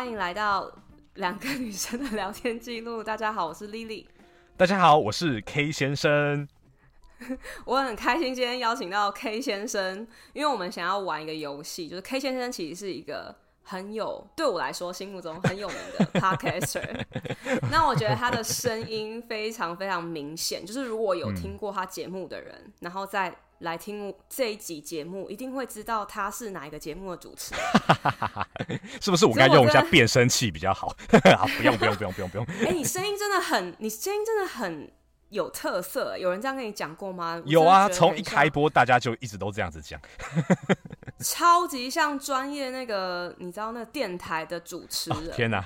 歡迎來到兩個女生的聊天記錄。大家好，我是麗麗。大家好，我是 K 先生。 我很開心今天邀請到 K 先生，因為我們想要玩一個遊戲，就是 K 先生其實是一個很有對我來說心目中很有名的 podcaster。 那我覺得他的聲音非常非常明顯，就是如果有聽過他節目的人，嗯、然後在。來聽這一集節目，一定會知道他是哪一個節目的主持人。 是不是我該用一下變聲器比較好？好，不用不用不用不用不用。哎、 欸，你聲音真的很，你聲音真的很有特色。有人這樣跟你講過嗎？有啊，從一開播大家就一直都這樣子講， 超級像專業那個，你知道那個電臺的主持人。哦、天哪！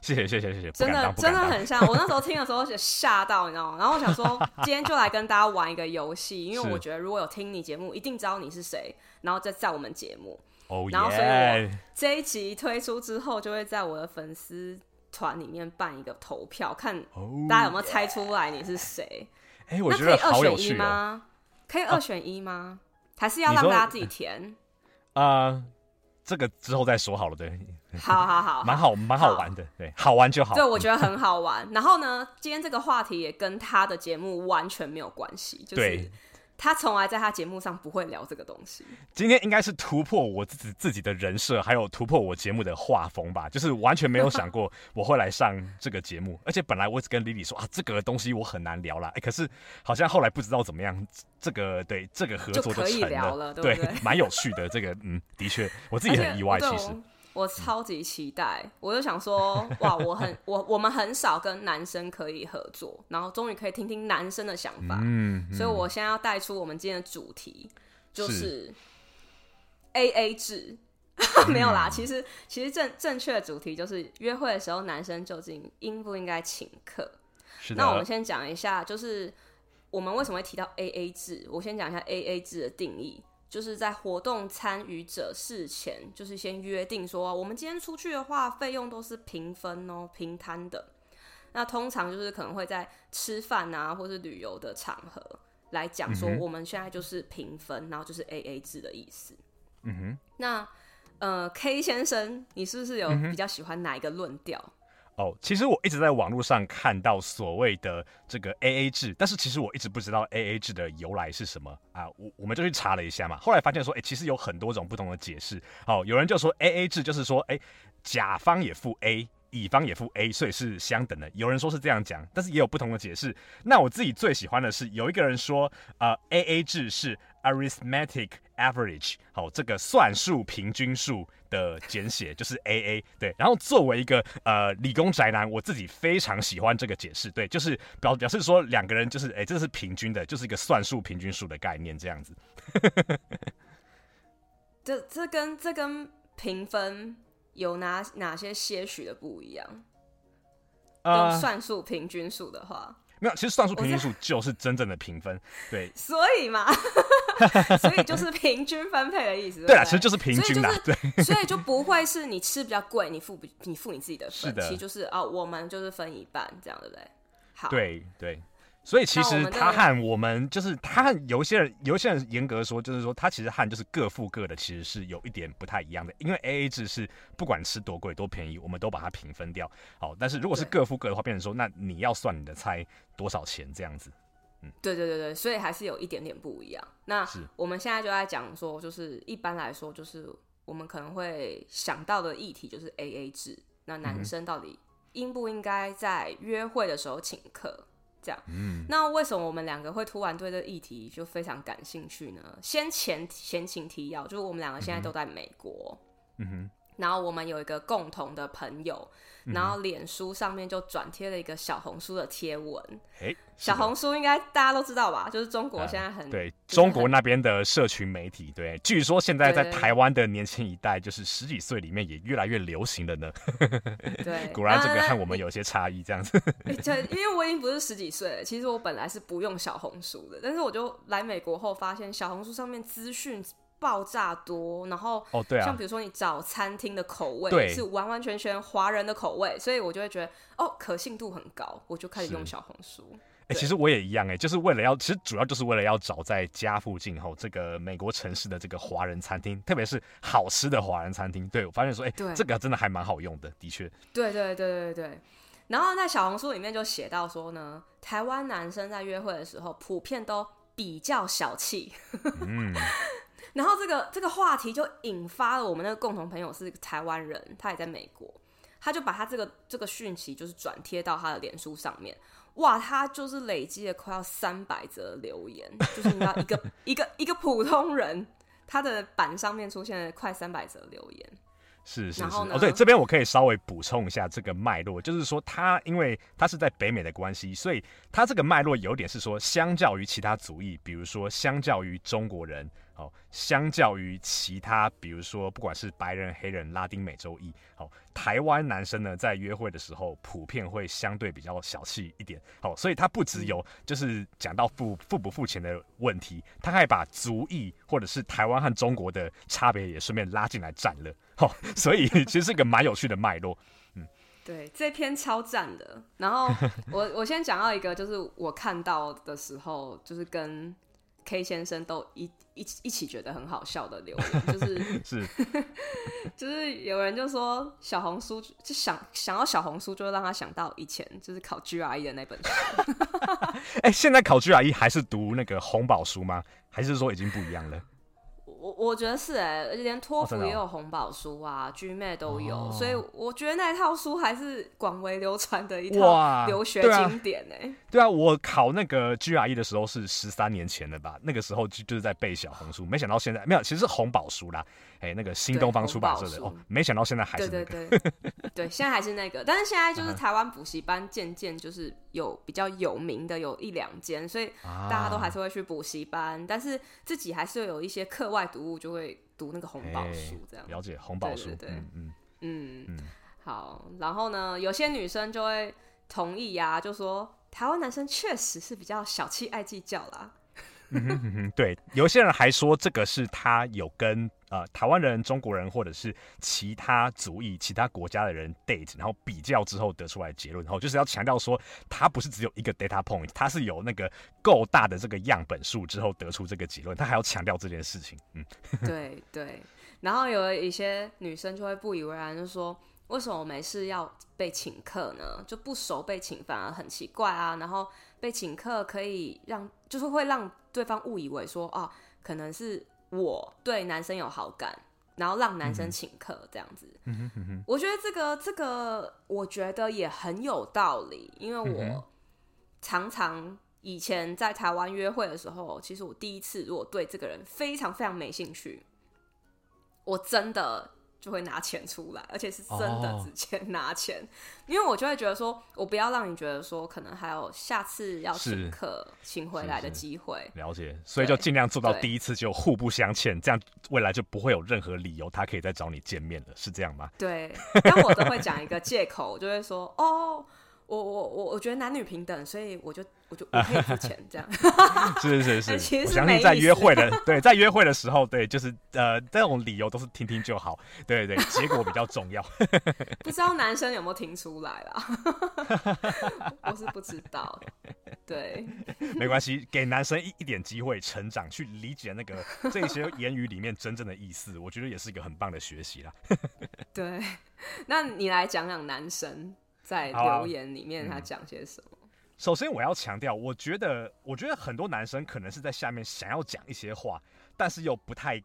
謝謝謝謝謝謝！真的真的很像， 我那時候聽的時候就嚇到，你知道嗎？然後我想說，今天就來跟大家玩一個遊戲， 因為我覺得如果有聽你節目，一定知道你是誰，然後再在我們節目。哦、oh yeah、然後所以這一集推出之後，就會在我的粉絲團裡面辦一個投票、oh yeah，看大家有沒有猜出來你是誰。那可以二選一嗎？哎、oh yeah 欸，我覺得好有趣嗎、哦？可以二選一嗎、啊？還是要讓大家自己填？啊、呃，這個之後再說好了，對。好 好好，蠻好蠻好玩的好，對，好玩就好。對，我覺得很好玩。 然後呢，今天這個話題也跟他的節目完全沒有關係，就是他從來在他節目上不會聊這個東西。今天應該是突破我自己自己的人設，還有突破我節目的畫風吧，就是完全沒有想過我會來上這個節目。 而且本來我只跟李李說啊，這個東西我很難聊啦，哎、欸，可是好像後來不知道怎麼樣，這個對這個合作就成了，可以聊了對，對，蠻有趣的。這個 嗯，的確，我自己很意外， 其實。我超級期待、嗯，我就想說，哇，我很我我們很少跟男生可以合作， 然後終於可以聽聽男生的想法，嗯，嗯，所以我先要帶出我們今天的主題，就是，是 A A 制， 沒有啦，嗯、其實其實正正確的主題就是約會的時候男生究竟應不應該請客？是的，那我們先講一下，就是我們為什麼會提到 A A 制？我先講一下 A A 制的定義。就是在活動參與者事前，就是先約定說，我們今天出去的話，費用都是平分哦，平攤的。那通常就是可能會在吃飯啊，或是旅遊的場合來講說，我們現在就是平分，嗯，然後就是 AA 制的意思。嗯哼。那呃，K 先生，你是不是有比較喜歡哪一個論調？嗯哦，其實我一直在網絡上看到所謂的這個 A A 制，但是其實我一直不知道 A A 制的由來是什麼啊。我我們就去查了一下嘛，後來發現說，哎、欸，其實有很多種不同的解釋。哦，有人就說 A A 制就是說，哎、欸，甲方也付 A，乙方也付 A，所以是相等的。有人說是這樣講，但是也有不同的解釋。那我自己最喜歡的是，有一個人說，呃，A A 制是，Arithmetic average，好，這個算術平均數的簡寫就是 AA。對，然後作為一個呃理工宅男，我自己非常喜歡這個解釋。對，就是表表示說兩個人就是哎、欸，這是平均的，就是一個算術平均數的概念這樣子。這 這跟這跟評分有哪哪些些許的不一樣？呃、用算術平均數的話。沒有，其實算術平均數就是真正的平分，對。所以嘛，呵呵，所以就是平均分配的意思。 對啊，其實就是平均的、就是，對。所以就不會是你吃比較貴，你付不，你付你自己的份。是的，其實就是啊、哦，我們就是分一半，這樣對不對？好，對對。所以其實他和我們就是他和有一些人，有一些人嚴格說就是說他其實和就是各付各的，其實是有一點不太一樣的。因為 AA 制是不管吃多貴多便宜，我們都把它平分掉。好，但是如果是各付各的話，變成說那你要算你的菜多少錢這樣子。嗯，對對對對，所以還是有一點點不一樣。那我們現在就在講說，就是一般來說，就是我們可能會想到的議題就是 AA 制。那男生到底應不應該在約會的時候請客？這樣，嗯，那為什麼我們兩個會突然對這個議題就非常感興趣呢？先前前情提要，就是我們兩個現在都在美國，嗯哼，然後我們有一個共同的朋友。然後臉書上面就轉貼了一個小紅書的貼文，哎，小紅書應該大家都知道吧？就是中國現在很，很、嗯、對中國那邊的社群媒體對，對，據說現在在台灣的年輕一代，就是十幾歲裡面也越來越流行了呢。對，果然這個和我們有些差異，這樣子，呃嗯。對，因為我已經不是十幾歲了，其實我本來是不用小紅書的，但是我就來美國後發現小紅書上面資訊。爆炸多，然後像比如說你找餐廳的口味、哦對啊、對是完完全全華人的口味，所以我就會覺得哦，可信度很高，我就開始用小紅書。哎，其實我也一樣、欸，哎，就是為了要，其實主要就是為了要找在家附近後、哦、這個美國城市的這個華人餐廳，特別是好吃的華人餐廳。對我發現說，哎，這個真的還蠻好用的，的確，對對，對對對對對。然後在小紅書裡面就寫到說呢，台灣男生在約會的時候普遍都比較小氣。嗯 然後這個這個話題就引發了我們那個共同朋友，是一個台灣人，他也在美國，他就把他這個這個訊息，就是轉貼到他的臉書上面，哇，他就是累積了快要三百則留言，就是你知道一個 一個一個，一個普通人，他的板上面出現了快三百則留言。是是是哦，對，這邊我可以稍微補充一下這個脈絡，就是說，他因為他是在北美的關係，所以他這個脈絡有點是說，相較於其他族裔，比如說相較於中國人，哦，相較於其他，比如說不管是白人、黑人、拉丁美洲裔，哦，台灣男生呢在約會的時候，普遍會相對比較小氣一點，哦，所以他不只有就是講到付付不付錢的問題，他還把族裔或者是台灣和中國的差別也順便拉進來戰了。哦，所以其實是一個蠻有趣的脈絡，嗯，對，這篇超讚的。然後我我先講到一個，就是我看到的時候，就是跟 K 先生都一一起一起覺得很好笑的留言，就是是， 就是有人就說小紅書就想想要小紅書，就讓他想到以前就是考 GRE 的那本書。哎， 欸，現在考 GRE 還是讀那個紅寶書嗎？還是說已經不一樣了？我我覺得是哎、欸，連托福也有紅寶書啊 GMA、哦、都有、哦，所以我覺得那套書還是廣為流傳的一套哇留學經典哎、欸。對啊，我考那個 GRE 的時候是十三年前的吧？那個時候就就是在背小紅書，沒想到現在沒有，其實是紅寶書啦，哎，那個新東方出版社的，哦，沒想到現在還是那個，對對對，對現在還是那個。 但是現在就是台灣補習班漸漸就是有，啊，比較有名的有一兩間，所以大家都還是會去補習班，啊，但是自己還是有一些課外讀物就會讀那個紅寶書這樣，哎，了解紅寶書，對嗯嗯嗯好，然後呢，有些女生就會同意呀，啊，就說。台灣男生確實是比較小氣愛計較啦，嗯哼嗯哼。對，有些人還說這個是他有跟呃台灣人、中國人或者是其他族裔、其他國家的人 date，然後比較之後得出來結論，然後就是要強調說他不是只有一個 data point，他是有那個夠大的這個樣本數之後得出這個結論，他還要強調這件事情。嗯，對，對對。然後有一些女生就會不以為然，就說。為什麼沒事要被請客呢？就不熟被請反而很奇怪啊。然後被請客可以讓，就是會讓對方誤以為說，哦、啊，可能是我對男生有好感，然後讓男生請客這樣子。嗯、我覺得這個這個，我覺得也很有道理。因為我常常以前在台灣約會的時候，其實我第一次如果對這個人非常非常沒興趣，我真的。就會拿錢出來，而且是真的直接拿錢，oh. 因為我就會覺得說，我不要讓你覺得說，可能還有下次要請客請回來的機會是是。了解，所以就盡量做到第一次就互不相欠，這樣未來就不會有任何理由他可以再找你見面了，是這樣嗎？對，但我都會講一個借口， 就會說哦，我我我我覺得男女平等，所以我就。我就我可以付錢這樣， 是是是是，想、欸、你在約會的， 對，在約會的時候，對，就是呃，這種理由都是聽聽就好， 對，對對，結果比較重要。 不知道男生有沒有聽出來啦？ 我是不知道， 對，沒關係，給男生一一點機會成長， 去理解那個這些言語裡面真正的意思， 我覺得也是一個很棒的學習啦。 對，那你來講講男生在留言裡面他講些什麼？首先，我要強調，我覺得，我覺得很多男生可能是在下面想要講一些話，但是又不太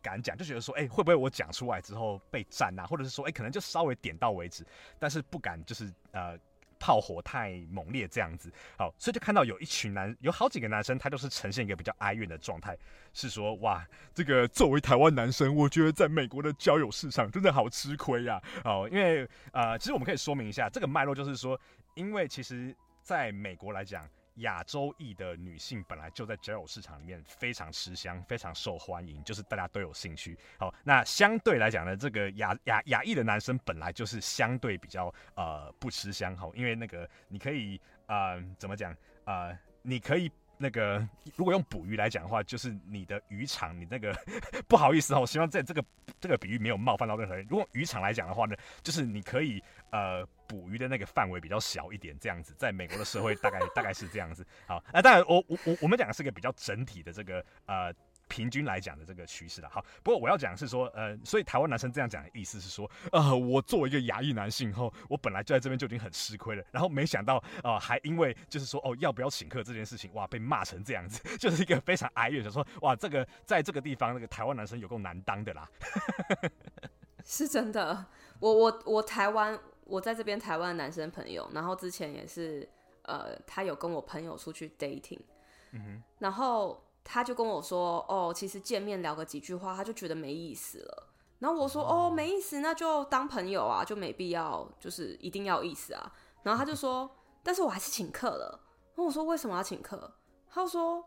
敢講，就覺得說，哎、欸，會不會我講出來之後被戰啊？或者是說，哎、欸，可能就稍微點到為止，但是不敢，就是呃，炮火太猛烈這樣子。好，所以就看到有一群男，有好幾個男生，他都是呈現一個比較哀怨的狀態，是說，哇，這個作為台灣男生，我覺得在美國的交友市場真的好吃虧啊。好，因為呃，其實我們可以說明一下這個脈絡，就是說，因為其實。在美國來講，亞洲裔的女性本來就在擇偶市場裡面非常吃香，非常受歡迎，就是大家都有興趣。好，那相對來講呢，這個亞亞亞裔的男生本來就是相對比較呃不吃香，好，因為那個你可以呃怎麼講呃你可以。那個，如果用捕魚來講的話，就是你的漁場，你那個呵呵不好意思啊、哦，我希望在這個這個比喻沒有冒犯到任何人。如果漁場來講的話呢，就是你可以呃捕魚的那個範圍比較小一點，這樣子，在美國的社會大概 大概是這樣子。好，那當然我我我我們講的是個比較整體的這個呃，平均來講的這個趨勢了，好，不過我要講的是說，呃，所以台灣男生這樣講的意思是說，呃，我作為一個亞裔男性以後，後我本來就在這邊就已經很吃虧了，然後沒想到啊、呃，還因為就是說哦，要不要請客這件事情，哇，被罵成這樣子，就是一個非常哀怨，的。說，哇，這個在這個地方那個台灣男生有夠難當的啦， 是真的。我我我台灣，我在這邊台灣男生朋友，然後之前也是，呃，他有跟我朋友出去 dating，嗯哼，然後。他就跟我說：“哦，其實見面聊個幾句話，他就覺得沒意思了。”然後我說：“ oh. 哦，沒意思，那就當朋友啊，就沒必要，就是一定要意思啊。”然後他就說：“但是我還是請客了。”那我說：“為什麼要請客？”他說：“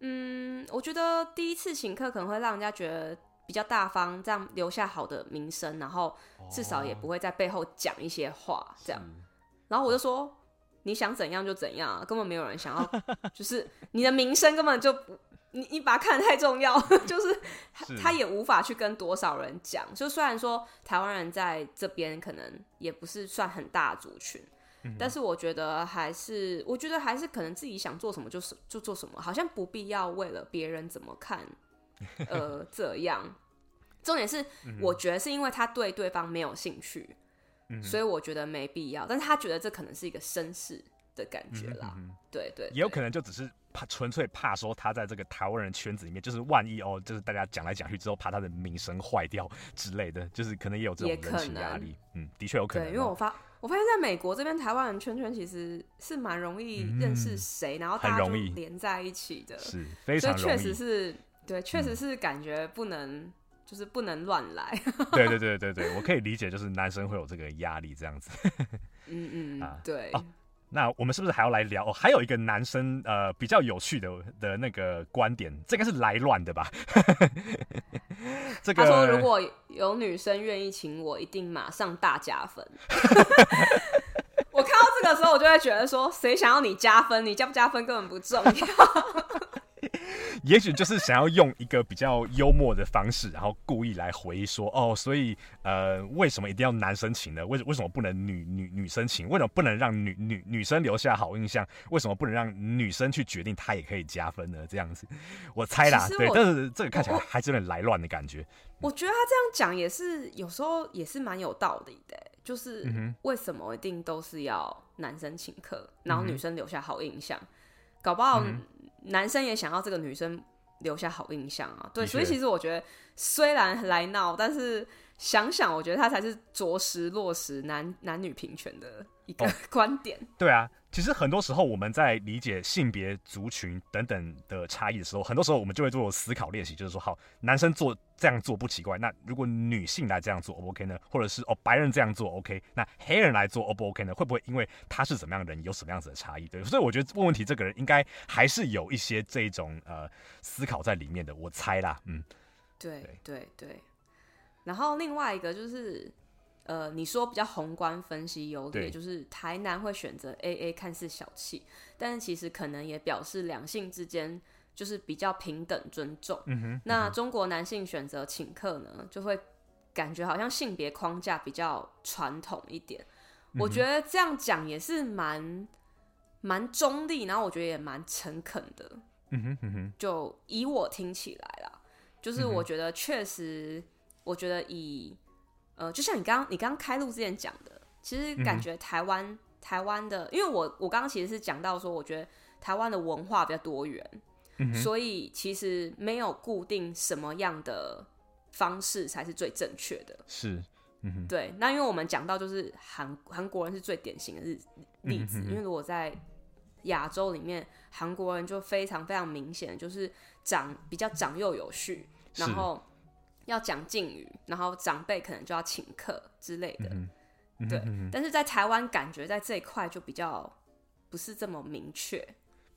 嗯，我覺得第一次請客可能會讓人家覺得比較大方，這樣留下好的名聲，然後至少也不會在背後講一些話，oh. 這樣。”然後我就說：“你想怎樣就怎樣，根本沒有人想要， 就是你的名聲根本就不……”你你把它看得太重要，就是他也無法去跟多少人講。就雖然說台灣人在這邊可能也不是算很大的族群，但是我覺得還是，我覺得還是可能自己想做什麼就是就做什麼，好像不必要為了別人怎麼看，呃，這樣。重點是，我覺得是因為他對對方沒有興趣，所以我覺得沒必要。但是他覺得這可能是一個紳士的感覺啦，對對。也有可能就只是。怕純粹怕說他在這個台灣人圈子裡面，就是萬一哦、喔，就是大家講來講去之後，怕他的名聲壞掉之類的，就是可能也有這種人情壓力。嗯，的確有可能、喔。對，因為我發我發現在美國這邊台灣人圈圈其實是蠻容易認識誰、嗯，然後很容易連在一起的，是非常，所以確實是對，確實是感覺不能、嗯、就是不能亂來。 對對對對對，我可以理解，就是男生會有這個壓力這樣子。 嗯嗯、啊，對。啊那我們是不是還要來聊？哦，還有一個男生，呃，比較有趣的的那個觀點，這個是來亂的吧？ 這個、他說，如果有女生願意請我，一定馬上大加分。 我看到這個時候，我就會覺得說，誰想要你加分？你加不加分根本不重要。 也許就是想要用一個比較幽默的方式，然後故意來回說哦，所以呃，為什麼一定要男生請呢？為為什麼不能女女女生請？為什麼不能讓女女女生留下好印象？為什麼不能讓女生去決定？她也可以加分呢？這樣子。我猜啦，對，但是這個看起來還是有點來亂的感覺我。我覺得他這樣講也是有時候也是蠻有道理的、欸，就是為什麼一定都是要男生請客，然後女生留下好印象？嗯、搞不好。男生也想要這個女生留下好印象啊，對，所以其實我覺得，雖然來鬧，但是想想，我覺得他才是着實落實男女平權的，一個觀點，oh，對啊，其實很多時候我們在理解性別、族群等等的差異的時候，很多時候我們就會做思考練習，就是說，好，男生做這樣做不奇怪，那如果女性來這樣做，O 不 OK 呢？或者是哦，白人這樣做 OK，那黑人來做 O 不 OK 呢？會不會因為他是怎麼樣的人，有什麼樣子的差異？對，所以我覺得問問題這個人應該還是有一些這一種呃思考在裡面的，我猜啦，嗯，對對對，然後另外一個就是。呃，你說比較宏觀分析優劣，就是台南會選擇 AA，看似小氣，但是其實可能也表示兩性之間就是比較平等尊重。嗯嗯、那中國男性選擇請客呢，就會感覺好像性別框架比較傳統一點。嗯、我覺得這樣講也是蠻蠻中立，然後我覺得也蠻誠懇的、嗯嗯。就以我聽起來啦，就是我覺得確實，嗯、我覺得以。呃，就像你剛剛你剛剛開錄之前講的，其實感覺台灣、嗯、台灣的，因為我我剛剛其實是講到說，我覺得台灣的文化比較多元、嗯，所以其實沒有固定什麼樣的方式才是最正確的。是，嗯、對。那因為我們講到就是韓韓國人是最典型的例子、嗯，因為如果在亞洲裡面，韓國人就非常非常明顯，就是長比較長幼有序，然後。要講敬語，然後長輩可能就要請客之類的，嗯嗯、對、嗯。但是在台灣，感覺在這一塊就比較不是這麼明確。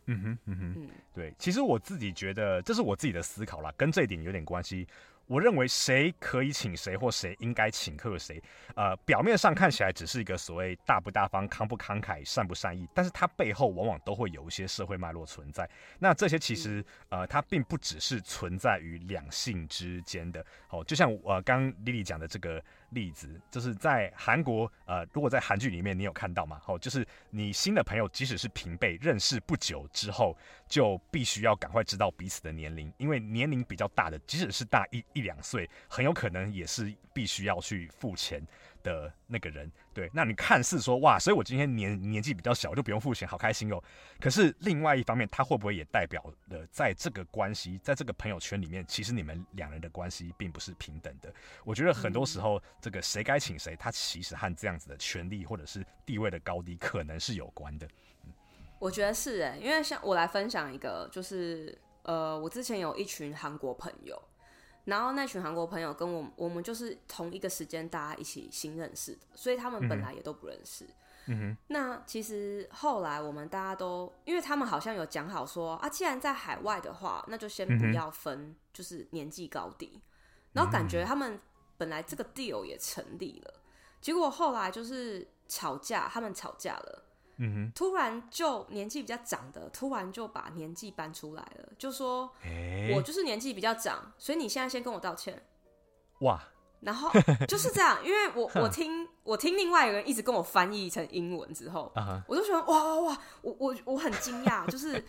嗯哼，嗯哼，嗯，對。其實我自己覺得，這是我自己的思考啦，跟這點有點關係。我認為誰可以請誰或誰應該請客誰，呃，表面上看起來只是一個所謂大不大方、慷不慷慨、善不善意，但是它背後往往都會有一些社會脈絡存在。那這些其實，呃，它並不只是存在於兩性之間的。好、哦，就像我剛剛莉莉講的這個。例子，就是在韓國，呃，如果在韓劇裡面你有看到嘛，吼、哦，就是你新的朋友，即使是平輩，認識不久之後，就必須要趕快知道彼此的年齡，因為年齡比較大的，即使是大一、一兩歲，很有可能也是必須要去付錢。的那個人，對，那你看似說哇，所以我今天年年紀比較小，就不用付錢，好開心哦。可是另外一方面，他會不會也代表了，在這個關係，在這個朋友圈裡面，其實你們兩人的關係並不是平等的。我覺得很多時候，嗯、這個誰該請誰，他其實和這樣子的權力或者是地位的高低，可能是有關的。我覺得是誒、欸，因為像我來分享一個，就是呃，我之前有一群韓國朋友。然後那群韓國朋友跟我，我們就是同一個時間大家一起新認識的，所以他們本來也都不認識。嗯哼。那其實後來我們大家都，因為他們好像有講好說啊，既然在海外的話，那就先不要分，就是年紀高低。嗯哼。然後感覺他們本來這個 deal 也成立了，結果後來就是吵架，他們吵架了。突然就年紀比較長的，突然就把年紀搬出來了，就說、欸、我就是年紀比較長，所以你現在先跟我道歉。哇！然後就是這樣，因為我 我聽我聽另外一個人一直跟我翻譯成英文之後，啊、我都覺得哇哇哇，我我，我很驚訝， 就是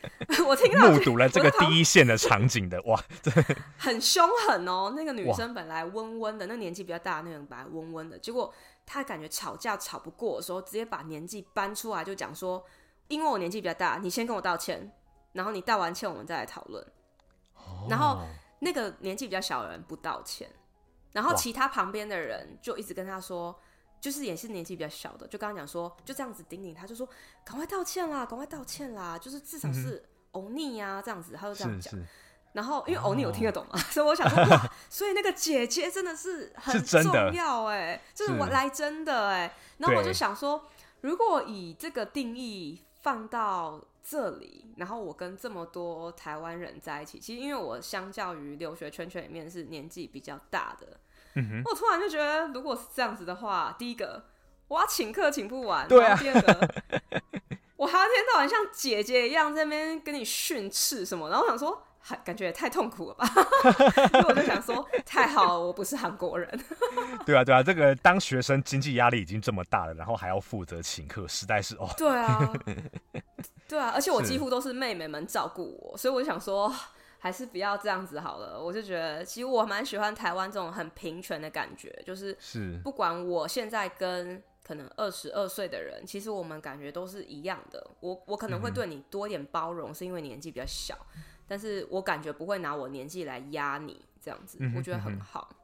我聽到目睹了這個第一線的場景的哇的，很兇狠哦。那個女生本來溫溫的，那個、年紀比較大那種本來溫溫的，結果。他感覺吵架吵不過的時候，直接把年紀搬出來，就講說，因為我年紀比較大，你先跟我道歉，然後你道完歉，我們再來討論。Oh. 然後那個年紀比較小的人不道歉，然後其他旁邊的人就一直跟他說，Wow. 就是也是年紀比較小的，就剛剛講說，就這樣子頂頂他，就說趕快道歉啦，趕快道歉啦，就是至少是歐膩呀這樣子，他就這樣講。然後，因為歐尼有聽得懂嘛，所以我想說 哇，所以那個姐姐真的是很重要哎、欸，就是我來真的哎、欸。然後我就想說，如果以這個定義放到這裡，然後我跟這麼多台灣人在一起，其實因為我相較於留學圈圈裡面是年紀比較大的，嗯、哼，我突然就覺得，如果是這樣子的話，第一個我要請客請不完，對、啊、第二個， 我還要天到晚像姐姐一樣在那邊跟你訓斥什麼，然後我想說。還感覺也太痛苦了吧？ 所以我就想說， 太好了，我不是韓國人。 對啊，對啊，這個當學生經濟壓力已經這麼大了，然後還要負責請客，實在是哦。 對啊，對啊，而且我幾乎都是妹妹們照顧我，所以我就想說，還是不要這樣子好了。我就覺得，其實我蠻喜歡台灣這種很平權的感覺，就是不管我現在跟可能二十二歲的人，其實我們感覺都是一樣的。我我可能會對你多一點包容，嗯、是因為年紀比較小。但是我感覺不會拿我年紀來壓你這樣子，我覺得很好。嗯、哼哼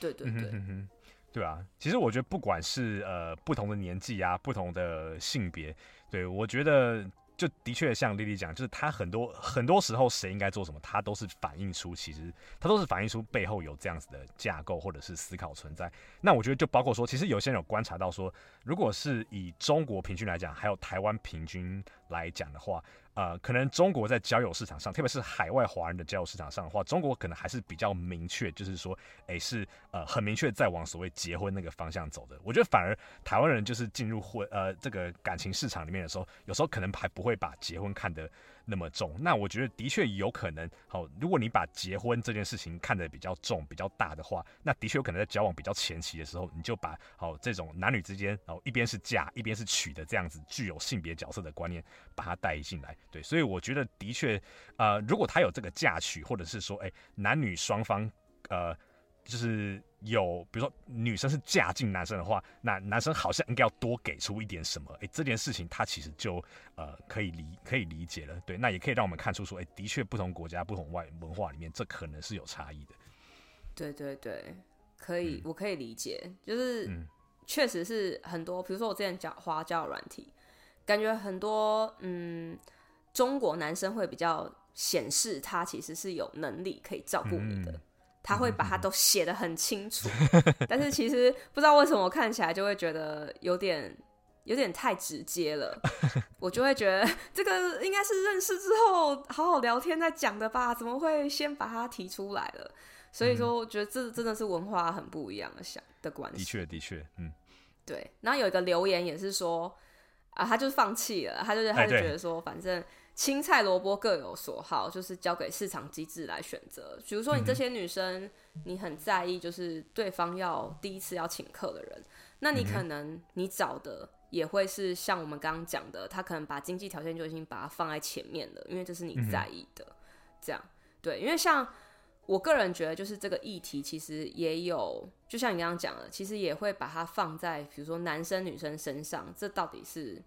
對對對、嗯哼哼，對啊。其實我覺得不管是呃不同的年紀啊，不同的性別，對，我覺得就的確像麗麗講，就是她很多很多時候誰應該做什麼，她都是反映出，其實她都是反映出背後有這樣子的架構或者是思考存在。那我覺得就包括說，其實有些人有觀察到說，如果是以中國平均來講，還有台灣平均來講的話，呃，可能中國在交友市場上，特別是海外華人的交友市場上的話，中國可能還是比較明確，就是說，哎、欸，是呃很明確在往所謂結婚那個方向走的。我覺得反而台灣人就是進入婚呃這個感情市場裡面的時候，有時候可能還不會把結婚看得。那麼重，那我覺得的確有可能。好、哦，如果你把結婚這件事情看得比較重、比較大的話，那的確有可能在交往比較前期的時候，你就把好、哦、這種男女之間哦，一邊是嫁，一邊是娶的這樣子具有性別角色的觀念，把它帶進來。對，所以我覺得的確，呃，如果他有這個嫁娶，或者是說，誒、欸，男女雙方，呃。就是有，比如說女生是嫁進男生的話，那男生好像應該要多給出一點什麼。哎、欸，這件事情他其實就呃可以理可以理解了。對，那也可以讓我們看出說，哎、欸，的確不同國家、不同外文化裡面，這可能是有差異的。對對對，可以，嗯、我可以理解。就是確實是很多，比如說我之前講花椒軟體，感覺很多嗯，中國男生會比較顯示他其實是有能力可以照顧你的。嗯。他會把它都寫得很清楚， 但是其實不知道為什麼我看起來就會覺得有點有點太直接了， 我就會覺得這個應該是認識之後好好聊天再講的吧，怎麼會先把它提出來了？嗯、所以說，我覺得這真的是文化很不一樣的想的關係。的確，的確，嗯，對。然後有一個留言也是說，啊，他就是放棄了，他就是他就覺得說，反正、欸。青菜蘿蔔各有所好，就是交給市場機制來選擇。比如說，你這些女生，嗯、你很在意，就是對方要第一次要請客的人，那你可能你找的也會是像我們剛剛講的，他可能把經濟條件就已經把它放在前面了，因為這是你在意的。嗯、這樣對，因為像我個人覺得，就是這個議題其實也有，就像你剛剛講的，其實也會把它放在比如說男生女生身上，這到底是？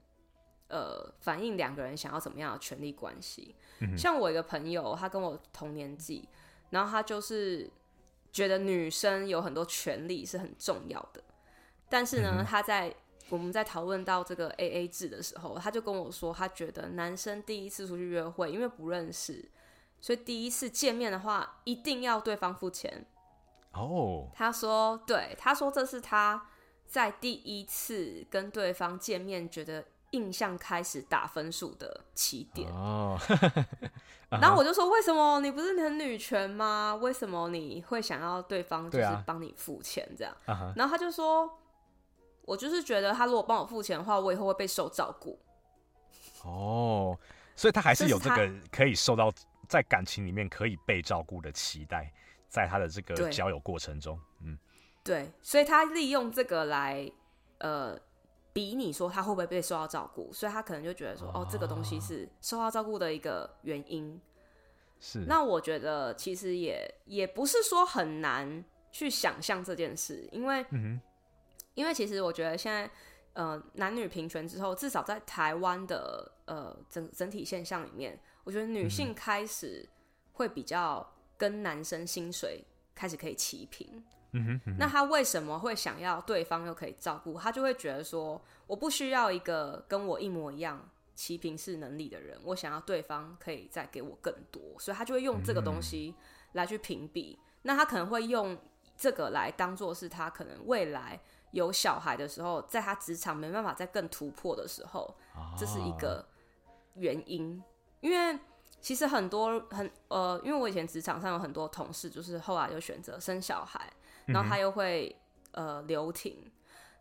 呃，反映兩個人想要怎麼樣的權利關係，嗯。像我一個朋友，他跟我同年紀，然後他就是覺得女生有很多權利是很重要的。但是呢，嗯、他在我們在討論到這個 AA 制的時候，他就跟我說，他覺得男生第一次出去約會，因為不認識，所以第一次見面的話，一定要對方付錢。哦，他說，對，他說這是他在第一次跟對方見面覺得。印象開始打分數的起點哦，oh, 然後我就說：“為什麼你不是很女權嗎？Uh -huh. 為什麼你會想要對方就是幫你付錢這樣？” uh -huh. 然後他就說：“我就是覺得他如果幫我付錢的話，我以後會被受照顧。”哦，所以他還是有這個可以受到在感情裡面可以被照顧的期待，在他的這個交友過程中，嗯、uh -huh.，對，所以他利用這個來呃。比你說他會不會被受到照顧，所以他可能就覺得說，哦，哦，這個東西是受到照顧的一個原因。是，那我覺得其實也也不是說很難去想象這件事，因為、嗯，因為其實我覺得現在，呃，男女平權之後，至少在台灣的呃整整體現象裡面，我覺得女性開始會比較跟男生薪水開始可以齊平。嗯 那他為什麼會想要對方又可以照顧？他就會覺得說，我不需要一個跟我一模一樣、齊平式能力的人，我想要對方可以再給我更多，所以他就會用這個東西來去屏蔽。 那他可能會用這個來當做是他可能未來有小孩的時候，在他職場沒辦法再更突破的時候，這是一個原因。因為其實很多很呃，因為我以前職場上有很多同事，就是後來就選擇生小孩。然後他又會，呃，留停。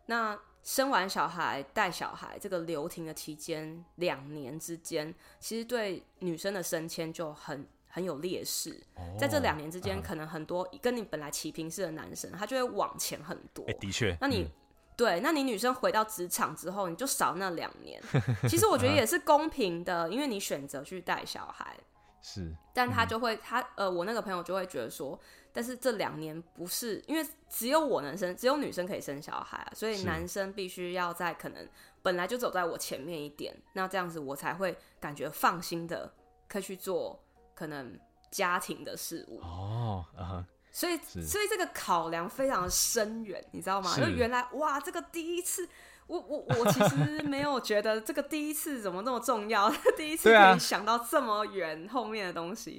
那生完小孩帶小孩，這個留停的期間兩年之間，其實對女生的升遷就很很有劣勢哦。在這兩年之間，嗯、可能很多跟你本來齊平式的男生，他就會往前很多。的確。那你，嗯、對，那你女生回到職場之後，你就少那兩年。其實我覺得也是公平的， 因為你選擇去帶小孩。是，但他就會，嗯、他呃，我那個朋友就會覺得說，但是這兩年不是因為只有我能生，只有女生可以生小孩，啊，所以男生必須要在可能本來就走在我前面一點，那這樣子我才會感覺放心的，可以去做可能家庭的事物哦，嗯、所以所以這個考量非常的深遠，你知道嗎？就原來哇，這個第一次。我我我其實沒有覺得這個第一次怎麼那麼重要， 第一次可以想到這麼遠後面的東西，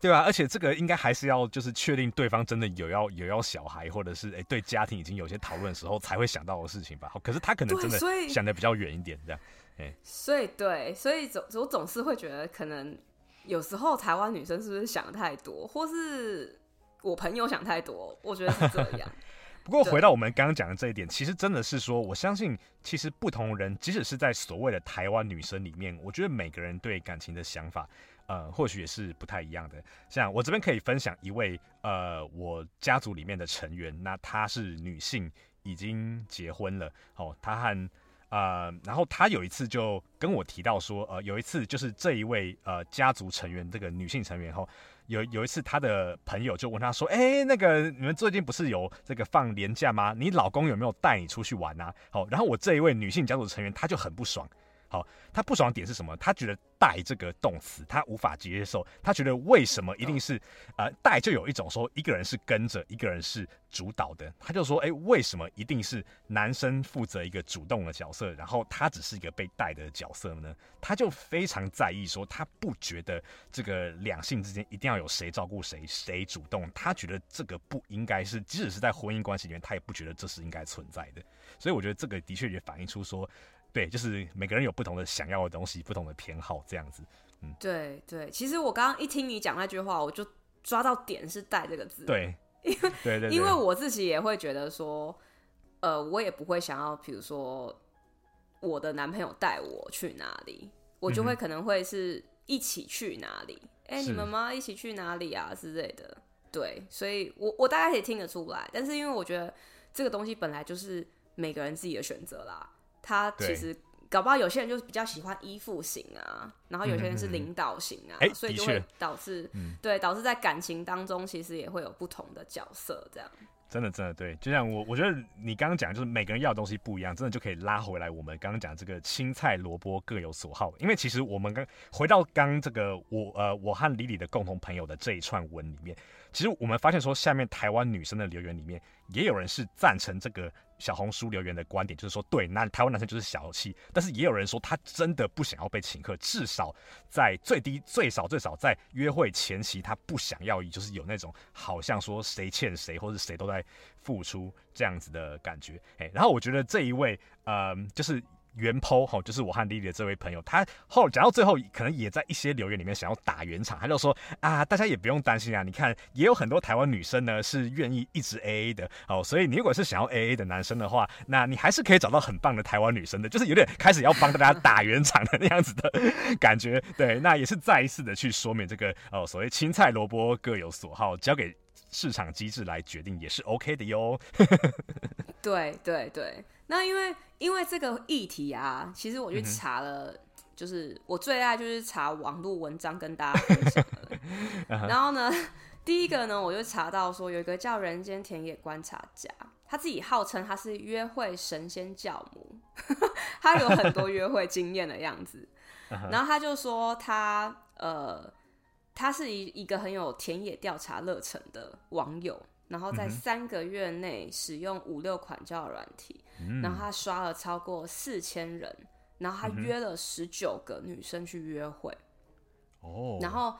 對吧、對啊？而且這個應該還是要就是確定對方真的有要有要小孩，或者是哎、欸、對家庭已經有些討論的時候才會想到的事情吧。好，可是他可能真的想得比較遠一點，這樣。哎、欸，所以對，所以總我總是會覺得，可能有時候台灣女生是不是想太多，或是我朋友想太多？我覺得是這樣。 不過回到我們剛剛講的這一點，其實真的是說，我相信其實不同人，即使是在所謂的台灣女生裡面，我覺得每個人對感情的想法，呃，或許也是不太一樣的。像我這邊可以分享一位，呃，我家族裡面的成員，那她是女性，已經結婚了。哦，她和呃，然後她有一次就跟我提到說，呃，有一次就是這一位呃家族成員這個女性成員後。哦有有一次，他的朋友就問他說：“哎、欸，那個，你們最近不是有這個放年假嗎？你老公有沒有帶你出去玩啊？”好，然後我這一位女性家族成員，他就很不爽。好，他不爽點是什麼？他覺得帶這個動詞他無法接受，他覺得為什麼一定是、嗯、呃帶就有一種說一個人是跟着，一個人是主導的。他就說，誒、欸，為什麼一定是男生負責一個主動的角色，然後他只是一個被帶的角色呢？他就非常在意說，說他不覺得這個兩性之間一定要有誰照顧誰，誰主動。他覺得這個不應該是，即使是在婚姻關係裡面，他也不覺得這是應該存在的。所以我覺得這個的確也反映出說。對，就是每個人有不同的想要的東西，不同的偏好，這樣子。嗯、對對，其實我剛剛一聽你講那句話，我就抓到點是“帶”這個字。對，因為對對對，因為我自己也會覺得說，呃，我也不會想要，比如說我的男朋友帶我去哪裡，我就會可能會是一起去哪裡。哎、嗯、欸，你們媽？一起去哪裡啊之類的。對，所以我我大概也聽得出來，但是因為我覺得這個東西本來就是每個人自己的選擇啦。他其實搞不好有些人就是比較喜歡依附型啊，然後有些人是領導型啊，嗯嗯所以就會導致、嗯、對，導致在感情當中其實也會有不同的角色這樣。真的真的對，就像我我覺得你剛剛講就是每個人要的東西不一樣，真的就可以拉回來我們剛剛講這個青菜蘿蔔各有所好，因為其實我們剛回到剛這個我呃我和李李的共同朋友的這一串文裡面。其實我們發現說，下面台灣女生的留言裡面，也有人是贊成這個小紅書留言的觀點，就是說，對，男台灣男生就是小氣。但是也有人說，他真的不想要被請客，至少在最低最少最少在約會前期，他不想要，就是有那種好像說誰欠誰，或是誰都在付出這樣子的感覺。哎，然後我覺得這一位，嗯、呃，就是。原 PO 吼，就是我和麗麗的這位朋友，他後講到最後，可能也在一些留言裡面想要打圓場，他就說啊，大家也不用擔心啊，你看也有很多台灣女生呢是願意一直 AA 的哦，所以你如果是想要 AA 的男生的話，那你還是可以找到很棒的台灣女生的，就是有點開始要幫大家打圓場的那樣子的感覺，對，那也是再一次的去說明這個哦，所謂青菜蘿蔔各有所好，交給。市場機制來決定也是 OK 的喲。 對對對，那因為因為這個議題啊，其實我去查了，嗯、就是我最愛就是查網路文章跟大家分享。 然後呢，uh -huh. 第一個呢，我就查到說有一個叫人間田野觀察家，他自己號稱他是約會神仙教母， 他有很多約會經驗的樣子。Uh -huh. 然後他就說他呃。他是一一個很有田野調查熱忱的網友，然後在三個月內使用五六款交友軟體，嗯，然後他刷了超過四千人，然後他約了十九個女生去約會，哦，然後，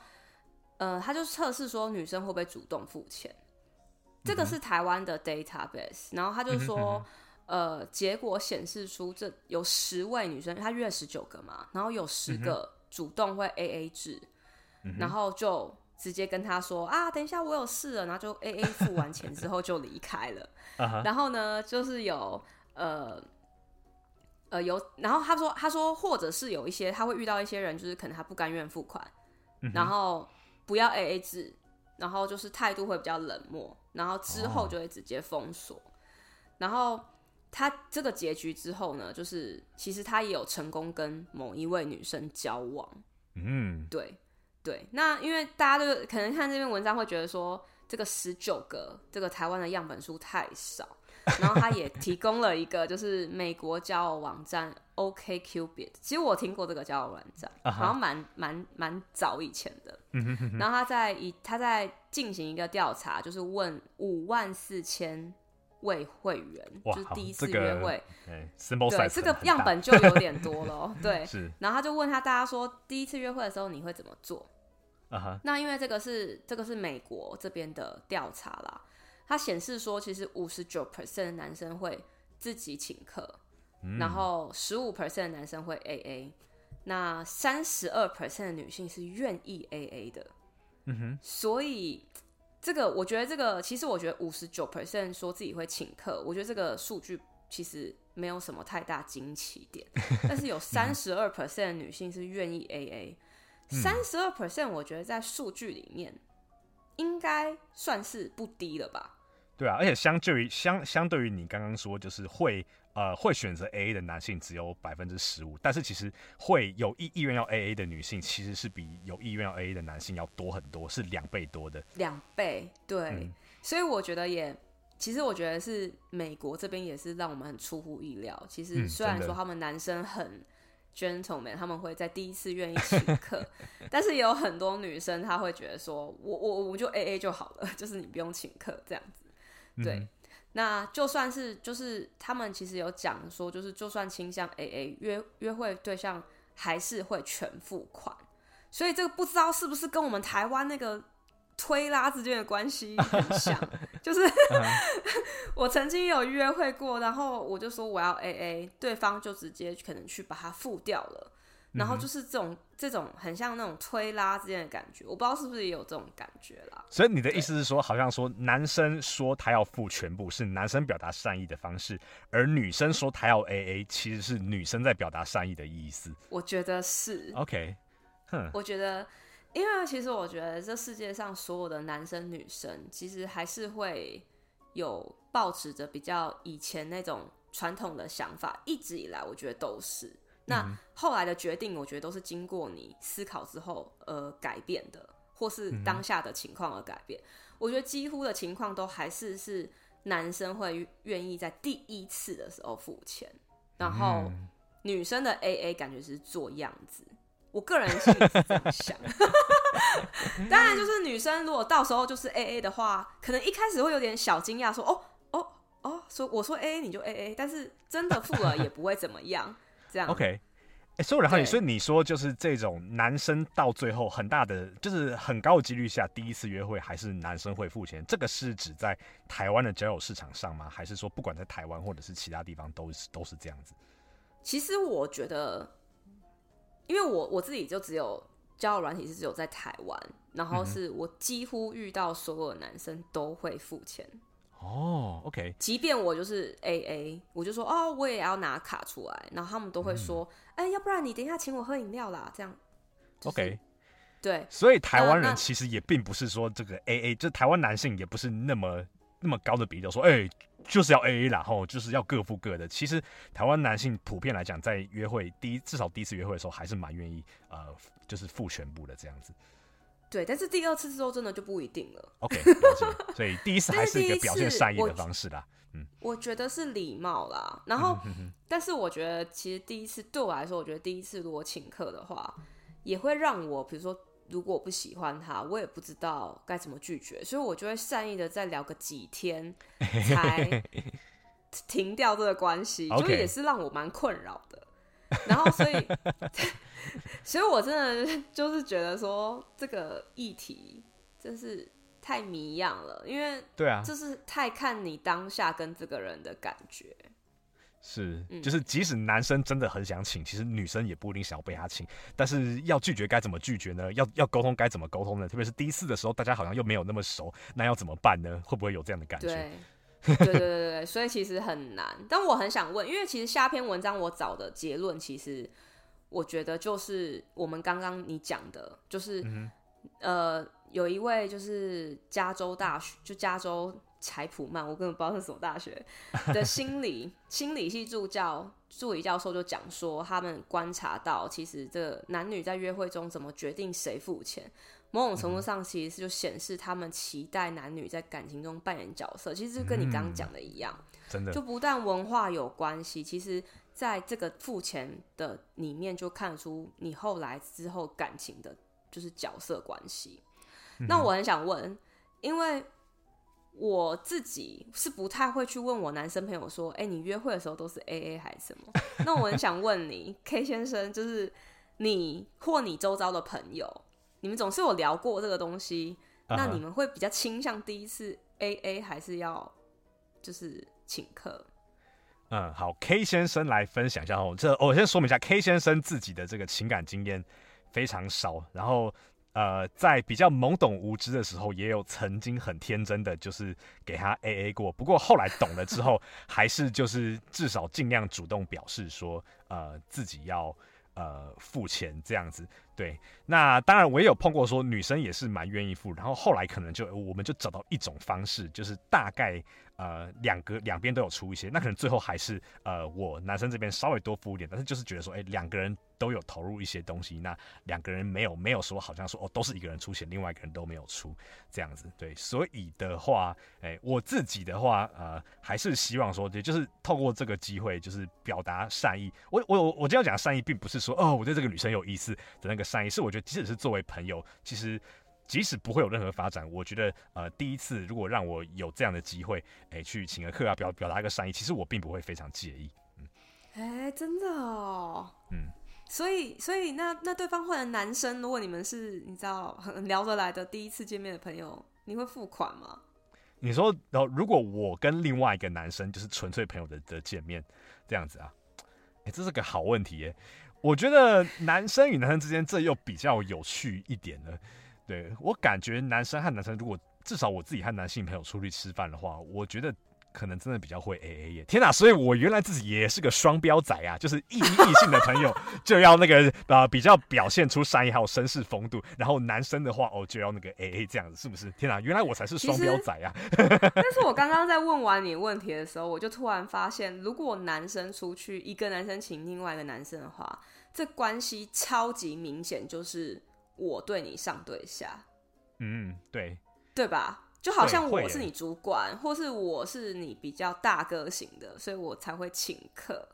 呃，他就測試說女生會不會主動付錢，嗯，這個是台灣的 database，然後他就說，嗯哼嗯哼，呃，結果顯示出這有十位女生，他約了十九個嘛，然後有十個主動會 A A 制。嗯、然後就直接跟他說啊，等一下我有事了，然後就 AA 付完錢之後就離開了。 然後呢，就是有呃呃有，然後他說他說，或者是有一些他會遇到一些人，就是可能他不甘願付款，嗯、然後不要 AA 制，然後就是態度會比較冷漠，然後之後就會直接封鎖。哦。然後他這個結局之後呢，就是其實他也有成功跟某一位女生交往。嗯，對。對，那因為大家都可能看這篇文章會覺得說這個個，這個十九個這個台灣的樣本數太少，然後他也提供了一個就是美國交友網站 OKCupid 其實我聽過這個交友網站，uh -huh. 然後蠻蠻蠻早以前的，然後他在以他在進行一個調查，就是問五萬四千。為會員哇，就是第一次約會，這個、對、欸、這個樣本就有點多咯。 對。然後他就問他大家說， 第一次約會的時候你會怎麼做？Uh -huh. 那因為這個是這個是美國這邊的調查啦，它顯示說，其實五十九 percent 的男生會自己請客，嗯、然後十五 percent 的男生會 AA，那三十二 percent 的女性是願意 AA 的。嗯哼、所以。這個我覺得，這個其實我覺得五十九 percent 說自己會請客，我覺得這個數據其實沒有什麼太大驚奇點。但是有三十二 percent 的女性是願意 AA，三十二 percent 我覺得在數據裡面應該算是不低了吧。對啊，而且相對於相相對於你剛剛說，就是會呃會選擇 A A 的男性只有百分之十五，但是其實會有意意願要 A A 的女性其實是比有意願要 A A 的男性要多很多，是兩倍多的。兩倍，對。嗯。所以我覺得也，其實我覺得是美國這邊也是讓我們很出乎意料。其實雖然說他們男生很 gentleman，他們會在第一次願意請客， 但是也有很多女生她會覺得說我我我就 A A 就好了，就是你不用請客這樣子。嗯、對，那就算是就是他們其實有講說，就是就算傾向 AA 約約會對象還是會全付款，所以這個不知道是不是跟我們台灣那個推拉之間的關係很像， 就是、 Uh-huh. 我曾經有約會過，然後我就說我要 AA，對方就直接可能去把它付掉了。然後就是這種、嗯、這種很像那種推拉之間的感覺，我不知道是不是也有這種感覺啦。所以你的意思是說，好像說男生說他要付全部是男生表達善意的方式，而女生說她要 AA 其實是女生在表達善意的意思。我覺得是。OK，哼我覺得，因為其實我覺得這世界上所有的男生女生其實還是會有抱持著比較以前那種傳統的想法，一直以來我覺得都是。那後來的決定，我覺得都是經過你思考之後，而改變的，或是當下的情況而改變，嗯。我覺得幾乎的情況都還是是男生會願意在第一次的時候付錢，嗯、然後女生的 A A 感覺是做樣子。我個人是這麼想。 當然，就是女生如果到時候就是 A A 的話，可能一開始會有點小驚訝說，說哦哦哦，說、哦哦、我說 A A 你就 A A，但是真的付了也不會怎麼樣。 這樣，O.K. 哎、欸，所以然後你，所以你說就是這種男生到最後很大的，就是很高的幾率下，第一次約會還是男生會付錢。這個是指在台灣的交友市場上嗎？還是說不管在台灣或者是其他地方都是都是這樣子？其實我覺得，因為我我自己就只有交友軟體是只有在台灣，然後是我幾乎遇到所有的男生都會付錢。嗯哦，OK，即便我就是 AA，我就說哦，我也要拿卡出來，然後他們都會說，哎、嗯欸，要不然你等一下請我喝飲料啦，這樣、就是、，OK，對，所以台灣人其實也並不是說這個 AA，、呃、就台灣男性也不是那麼那麼高的比例，就是、說哎、欸，就是要 AA，然後就是要各付各的。其實台灣男性普遍來講，在約會第一，至少第一次約會的時候，還是蠻願意呃，就是付全部的這樣子。對，但是第二次之後真的就不一定了。OK，了解。所以第一次還是表現善意的方式的。我覺得是禮貌啦。然後、嗯哼哼，但是我覺得其實第一次對我來說，我覺得第一次如果請客的話，也會讓我比如說，如果我不喜歡他，我也不知道該怎麼拒絕，所以我就會善意的再聊個幾天才停掉這個關係， 就也是讓我蠻困擾的。然後，所以。 所以，我真的就是覺得說，這個議題真是太迷樣了，因為對啊，就是太看你當下跟這個人的感覺、啊。是，就是即使男生真的很想請，其實女生也不一定想要被他請。但是要拒絕該怎麼拒絕呢？要要溝通該怎麼溝通呢？特別是第一次的時候，大家好像又沒有那麼熟，那要怎麼辦呢？會不會有這樣的感覺？對，對對對對。 所以其實很難。但我很想問，因為其實下篇文章我找的結論其實。我覺得就是我們剛剛你講的，就是、嗯、呃，有一位就是加州大學，就加州柴普曼，我根本不知道是什麼大學的心理 心理系助教助理教授就講說，他們觀察到，其實這男女在約會中怎麼決定誰付錢，某種程度上其實就顯示他們期待男女在感情中扮演角色，嗯、其實就跟你剛剛講的一樣，嗯、真的就不但文化有關係，其實。在這個付錢的裡面，就看出你後來之後感情的就是角色關係、嗯。那我很想問，因為我自己是不太會去問我男生朋友說：“哎、欸，你約會的時候都是 AA 還是什麼？” 那我很想問你，K 先生，就是你或你周遭的朋友，你們總是有聊過這個東西。Uh-huh. 那你們會比較傾向第一次 AA，還是要就是請客？嗯，好，K 先生來分享一下哦。這哦我先說明一下，K 先生自己的這個情感經驗非常少。然後，呃，在比較懵懂無知的時候，也有曾經很天真的，就是給他 AA 過。不過後來懂了之後， 還是就是至少盡量主動表示說，呃，自己要。呃，付錢這樣子，對。那當然，我也有碰過說女生也是蠻願意付，然後後來可能就我們就找到一種方式，就是大概呃兩個兩邊都有出一些，那可能最後還是呃我男生這邊稍微多付一點，但是就是覺得說，哎、欸，兩個人。都有投入一些東西，那兩個人沒有沒有說好像說哦都是一個人出錢，另外一個人都沒有出這樣子，對，所以的話，哎、欸，我自己的話，呃，還是希望說，也就是透過這個機會，就是表達善意。我我我我這樣講善意，並不是說哦我對這個女生有意思的那個善意，是我覺得即使是作為朋友，其實即使不會有任何發展，我覺得呃第一次如果讓我有這樣的機會，哎、欸，去請個客啊，表表達一個善意，其實我並不會非常介意。嗯，哎、欸，真的哦，嗯。所以，所以那那對方或者男生，如果你們是你知道很聊得來的第一次見面的朋友，你會付款嗎？你說，然後如果我跟另外一個男生，就是純粹朋友的的見面，這樣子啊，哎、欸，這是個好問題耶、欸。我覺得男生與男生之間，這又比較有趣一點呢。對我感覺，男生和男生，如果至少我自己和男性朋友出去吃飯的話，我覺得。可能真的比較會 A A 耶，天哪！所以，我原來自己也是個雙標仔啊，就是異異性的朋友就要那個啊、 呃，比較表現出善意還有紳士風度，然後男生的話哦，就要那個 A A、欸欸，這樣子，是不是？天哪，原來我才是雙標仔啊。但是，我剛剛在問完你問題的時候，我就突然發現，如果男生出去一個男生請另外一個男生的話，這關係超級明顯，就是我對你上對下。嗯，對，對吧？就好像我是你主管，或是我是你比較大哥型的，的，所以我才會請客。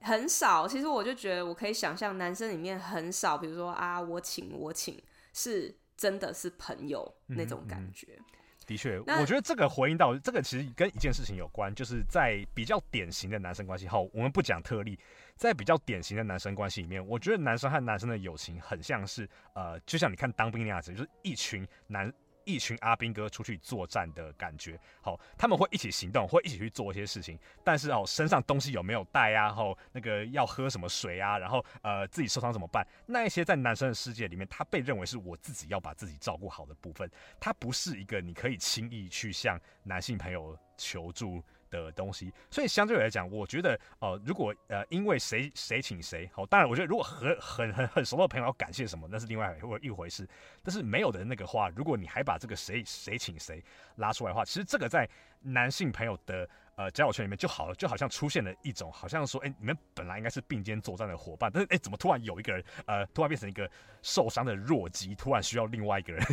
很少，其實我就覺得我可以想象，男生裡面很少，比如說啊，我請我請，是真的是朋友、嗯、那種感覺。嗯、的確，我覺得這個回應到這個其實跟一件事情有關，就是在比較典型的男生關係後，我們不講特例，在比較典型的男生關係裡面，我覺得男生和男生的友情很像是呃，就像你看當兵那樣子，就是一群男。一群阿兵哥出去作戰的感覺，好，他們會一起行動，會一起去做一些事情。但是哦，身上東西有沒有帶啊？哦，那個要喝什麼水啊？然後呃，自己受傷怎麼辦？那一些在男生的世界裡面，他被認為是我自己要把自己照顧好的部分，他不是一個你可以輕易去向男性朋友求助的東西，所以相對來講，我覺得，呃，如果呃，因為誰誰請誰，好，哦，當然，我覺得如果和很很很熟的朋友要感謝什麼，那是另外一一回事。但是沒有的那個話，如果你還把這個誰誰請誰拉出來的話，其實這個在男性朋友的呃交友圈裡面，就好了，就好像出現了一種，好像說，誒、欸，你們本來應該是並肩作戰的夥伴，但是誒、欸，怎麼突然有一個人，呃，突然變成一個受傷的弱雞，突然需要另外一個人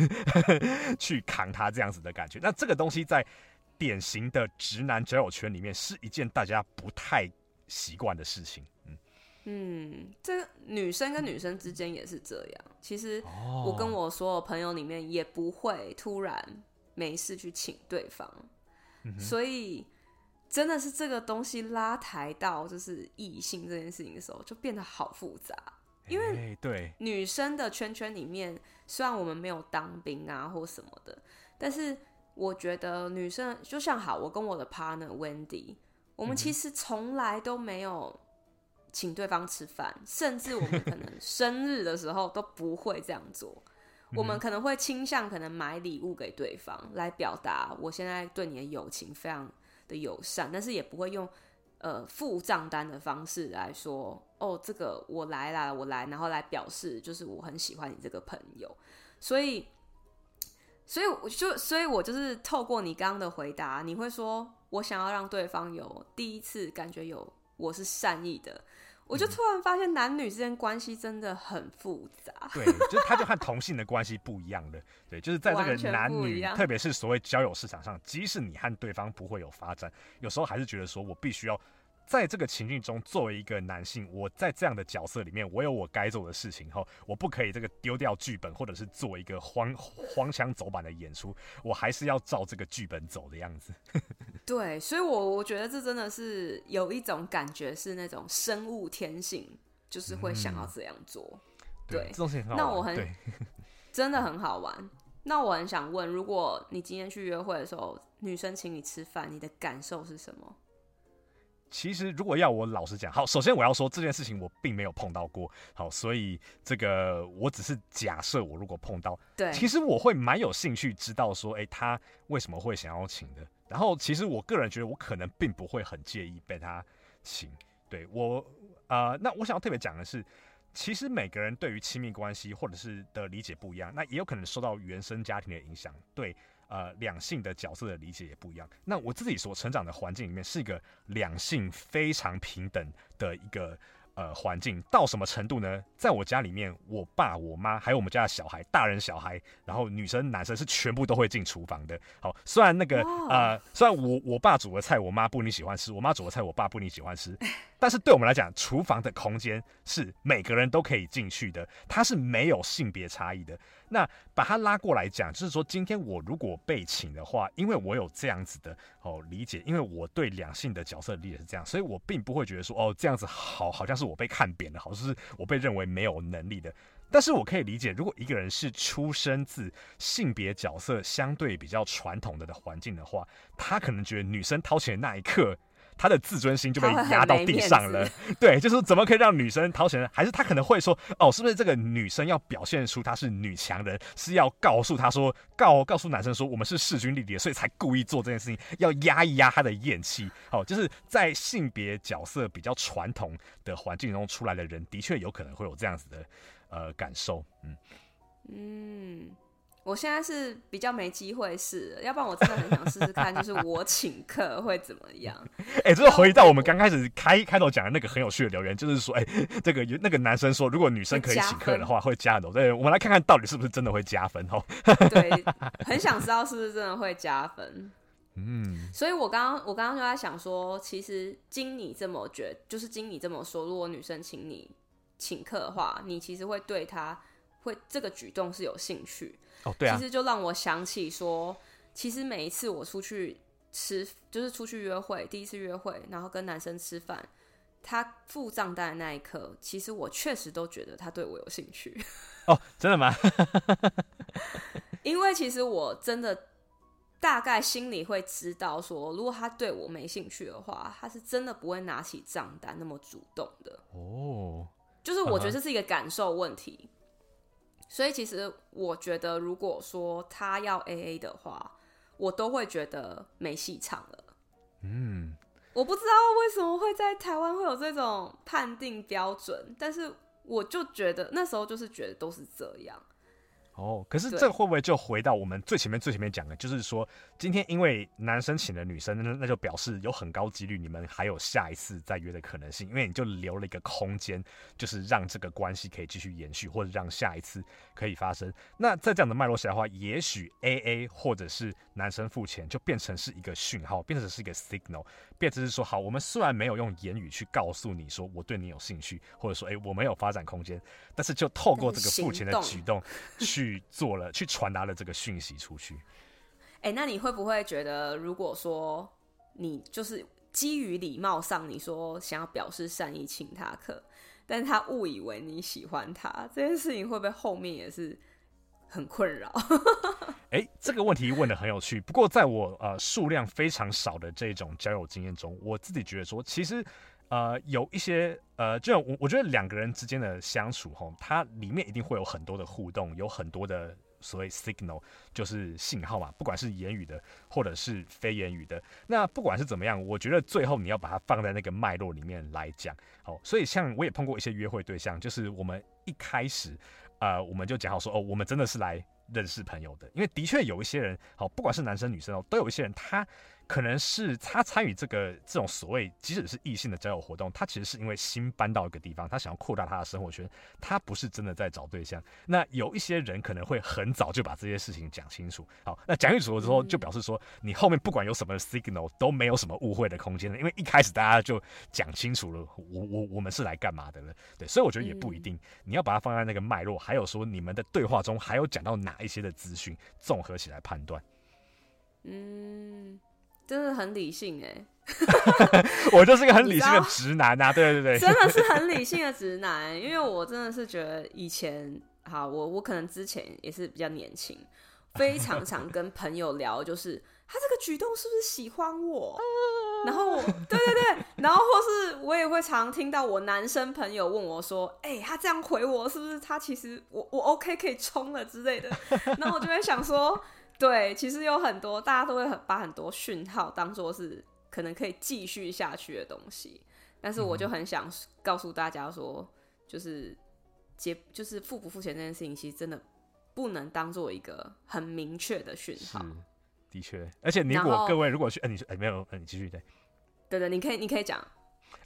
去扛他這樣子的感覺。那這個東西在。典型的直男交友圈裡面是一件大家不太習慣的事情。嗯，嗯這個、女生跟女生之間也是這樣、嗯。其實我跟我所有朋友裡面也不會突然沒事去請對方，嗯、所以真的是這個東西拉抬到就是異性這件事情的時候，就變得好複雜。欸、因為對女生的圈圈裡面，雖然我們沒有當兵啊或什麼的，但是。我覺得女生就像好，我跟我的 partner Wendy，我們其實從來都沒有請對方吃飯，甚至我們可能生日的時候都不會這樣做。 我們可能會傾向可能買禮物給對方來表達我現在對你的友情非常的友善，但是也不會用呃付賬單的方式來說哦，這個我來啦，我來，然後來表示就是我很喜歡你這個朋友，所以。所以我就，所以我就是透過你剛剛的回答，你會說我想要讓對方有第一次感覺有我是善意的，我就突然發現男女之間關係真的很複雜。嗯、對，就是、他就和同性的關係不一樣的， 對，就是在這個男女，特別是所謂交友市場上，即使你和對方不會有發展，有時候還是覺得說我必須要。在這個情境中，作為一個男性，我在這樣的角色裡面，我有我該做的事情後，後我不可以這個丟掉劇本，或者是做一個荒荒腔走板的演出，我還是要照這個劇本走的樣子。對，所以我我覺得這真的是有一種感覺，是那種生物天性，就是會想要這樣做。嗯、對，對這很好玩，那我很真的很好玩。那我很想問，如果你今天去約會的時候，女生請你吃飯，你的感受是什麼？其實，如果要我老實講，好，首先我要說這件事情我並沒有碰到過，好，所以這個我只是假設，我如果碰到，對，其實我會蠻有興趣知道說，誒，他為什麼會想要請的？然後，其實我個人覺得，我可能並不會很介意被他請。對我，啊，呃，那我想要特別講的是，其實每個人對於親密關係或者是的理解不一樣，那也有可能受到原生家庭的影響。對。呃，兩性的角色的理解也不一樣。那我自己所成長的環境裡面是一個兩性非常平等的一個呃環境，到什麼程度呢？在我家裡面，我爸、我媽還有我們家的小孩，大人小孩，然後女生、男生是全部都會進廚房的。好，雖然那個呃，雖然我我爸煮的菜我媽不一定喜歡吃，我媽煮的菜我爸不一定喜歡吃。但是對我們來講，廚房的空間是每個人都可以進去的，它是沒有性別差異的。那把它拉過來講，就是說，今天我如果被請的話，因為我有這樣子的哦理解，因為我對兩性的角色的理解是這樣，所以我並不會覺得說哦這樣子好好像是我被看扁了，好像是我被認為沒有能力的。但是我可以理解，如果一個人是出生自性別角色相對比較傳統的的環境的話，他可能覺得女生掏錢的那一刻。他的自尊心就被壓到地上了，對，就是怎麼可以讓女生掏錢呢？還是他可能會說，哦，是不是這個女生要表現出她是女強人，是要告訴她說，告告訴男生說，我們是勢均力敵的，所以才故意做這件事情，要壓一壓他的怨氣？哦，就是在性別角色比較傳統的環境中出來的人，的確有可能會有這樣子的呃感受，嗯嗯。我現在是比較沒機會試，要不然我真的很想試試看，就是我請客會怎麼樣？哎、 欸，這、就是、回到我們剛開始開開頭講的那個很有趣的留言，就是說，哎、欸，這個那個男生說，如果女生可以請客的話，會加分。會加的，對，我們來看看到底是不是真的會加分？哦、喔？對，很想知道是不是真的會加分。 嗯，所以我剛剛我剛剛就在想說，其實經你這麼覺得，就是經你這麼說，如果女生請你請客的話，你其實會對他。會這個舉動是有興趣哦，oh, 對啊，其實就讓我想起說，其實每一次我出去吃，就是出去約會，第一次約會，然後跟男生吃飯，他付賬單的那一刻，其實我確實都覺得他對我有興趣哦，oh, 真的嗎？ 因為其實我真的大概心裡會知道說，如果他對我沒興趣的話，他是真的不會拿起賬單那麼主動的哦，oh, uh-huh. 就是我覺得這是一個感受問題。所以其實我覺得，如果說他要 AA 的話，我都會覺得沒戲唱了。嗯，我不知道為什麼會在台灣會有這種判定標準，但是我就覺得那時候就是覺得都是這樣。哦，可是這會不會就回到我們最前面最前面講的，就是說今天因為男生請了女生，那就表示有很高幾率你們還有下一次再約的可能性，因為你就留了一個空間，就是讓這個關係可以繼續延續，或者讓下一次可以發生。那在這樣的脈絡下的話，也許 AA 或者是男生付錢就變成是一個訊號，變成是一個 signal，變成是說好，我們雖然沒有用言語去告訴你說我對你有興趣，或者說哎、欸、我沒有發展空間，但是就透過這個付錢的舉動去。去做了，去傳達了這個訊息出去。哎、欸，那你會不會覺得，如果說你就是基於禮貌上，你說想要表示善意請他客，但他誤以為你喜歡他，這件事情會不會後面也是很困擾、？ 欸？這個問題問得很有趣。不過在我呃數量非常少的這種交友經驗中，我自己覺得說，其實。呃，有一些呃，就我我覺得兩個人之間的相處吼，它裡面一定會有很多的互動，有很多的所謂 signal，就是信號嘛，不管是言語的或者是非言語的。那不管是怎麼樣，我覺得最後你要把它放在那個脈絡裡面來講，哦。所以像我也碰過一些約會對象，就是我們一開始，呃，我們就講好說，哦，我們真的是來認識朋友的，因為的確有一些人，好，不管是男生女生哦，都有一些人他。可能是他參與這個這種所謂即使是異性的交友活動，他其實是因為新搬到一個地方，他想要擴大他的生活圈，他不是真的在找對象。那有一些人可能會很早就把這些事情講清楚。好，那講清楚了之後，就表示說、嗯、你後面不管有什麼 signal 都沒有什麼誤會的空間了，因為一開始大家就講清楚了，我我我們是來幹嘛的了。對，所以我覺得也不一定，嗯、你要把它放在那個脈絡，還有說你們的對話中還有講到哪一些的資訊，綜合起來判斷。嗯。真的很理性哎、欸， 我就是一個很理性的直男啊，對對對，真的是很理性的直男，因為我真的是覺得以前，好，我我可能之前也是比較年輕，非常常跟朋友聊，就是他這個舉動是不是喜歡我， 然後對對對，然後或是我也會常聽到我男生朋友問我說，哎、欸，他這樣回我是不是他其實我我 OK 可以衝了之類的，然後我就會想說。對，其實有很多大家都會很把很多訊號當做是可能可以繼續下去的東西，但是我就很想告訴大家說，嗯、就是結就是付不付錢這件事情，其實真的不能當做一個很明確的訊號。是的確，而且你如果各位如果去，哎、欸，你說哎沒有，欸、你繼續對，對對、對，你可以你可以講。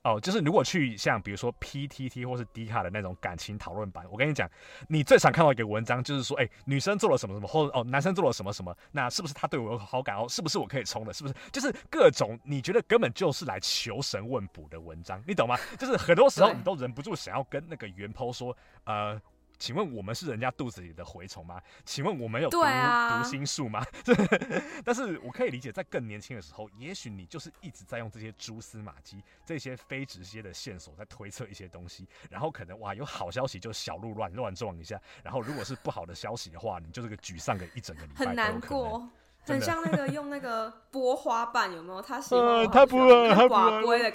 哦，就是如果去像比如說 PTT 或是 Dcard 的那種感情討論版，我跟你講，你最常看到一個文章就是說，哎、欸，女生做了什麼什麼，或者哦男生做了什麼什麼，那是不是他對我有好感？哦，是不是我可以衝的？是不是？就是各種你覺得根本就是來求神問卜的文章，你懂嗎？就是很多時候你都忍不住想要跟那個原 PO 說，呃。請問我們是人家肚子裡的蛔蟲嗎？請問我們有讀讀、啊、心術嗎？ 但是我可以理解，在更年輕的時候，也許你就是一直在用這些蛛絲馬跡、這些非直接的線索在推測一些東西，然後可能哇有好消息就小鹿亂亂撞一下，然後如果是不好的消息的話，你就是個沮喪個一整個禮拜，很難過。很像那個用那個剝花瓣，有沒有？他喜歡他不、呃，他不愛我。他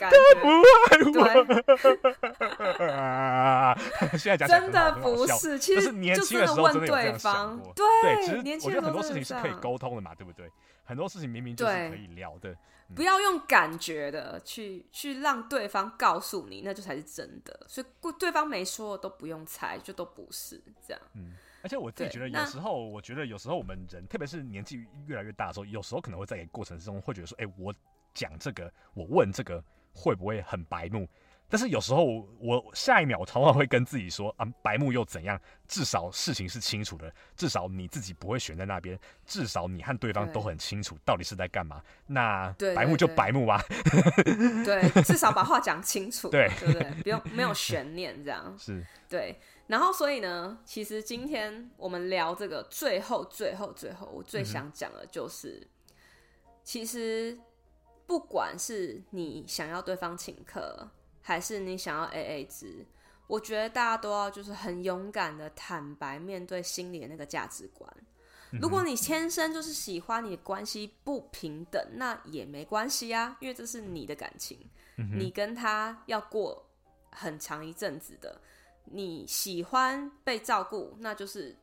啊！他他他 現在講真的不是，很其實是年輕的時候真的這真的對，方對，對，其實我覺得很多事情是可以溝通的嘛，對不對，對？很多事情明明就是可以聊的，嗯、不要用感覺的去去讓對方告訴你，那就才是真的。所以對方沒說都不用猜，就都不是這樣。嗯。而且我自己覺得，有時候我覺得，有時候我們人，特別是年紀越來越大的時候，有時候可能會在一個過程之中，會覺得說：“哎、欸，我講這個，我問這個，會不會很白目？”但是有時候我，我下一秒我常常會跟自己說：“啊，白目又怎樣？至少事情是清楚的，至少你自己不會選在那邊，至少你和對方都很清楚到底是在幹嘛。那”那白目就白目啊， 對，至少把話講清楚，對，對不對？不 用沒有懸念，這樣是對。然後，所以呢，其實今天我們聊這個，最後、最後、最後，我最想講的就是、嗯，其實不管是你想要對方請客，還是你想要 AA 制，我覺得大家都要就是很勇敢地坦白面對心裡的那個價值觀、嗯。如果你天生就是喜歡你的關係不平等，那也沒關係啊，因為這是你的感情，嗯、你跟他要過很長一陣子的。你喜歡被照顧，那就是，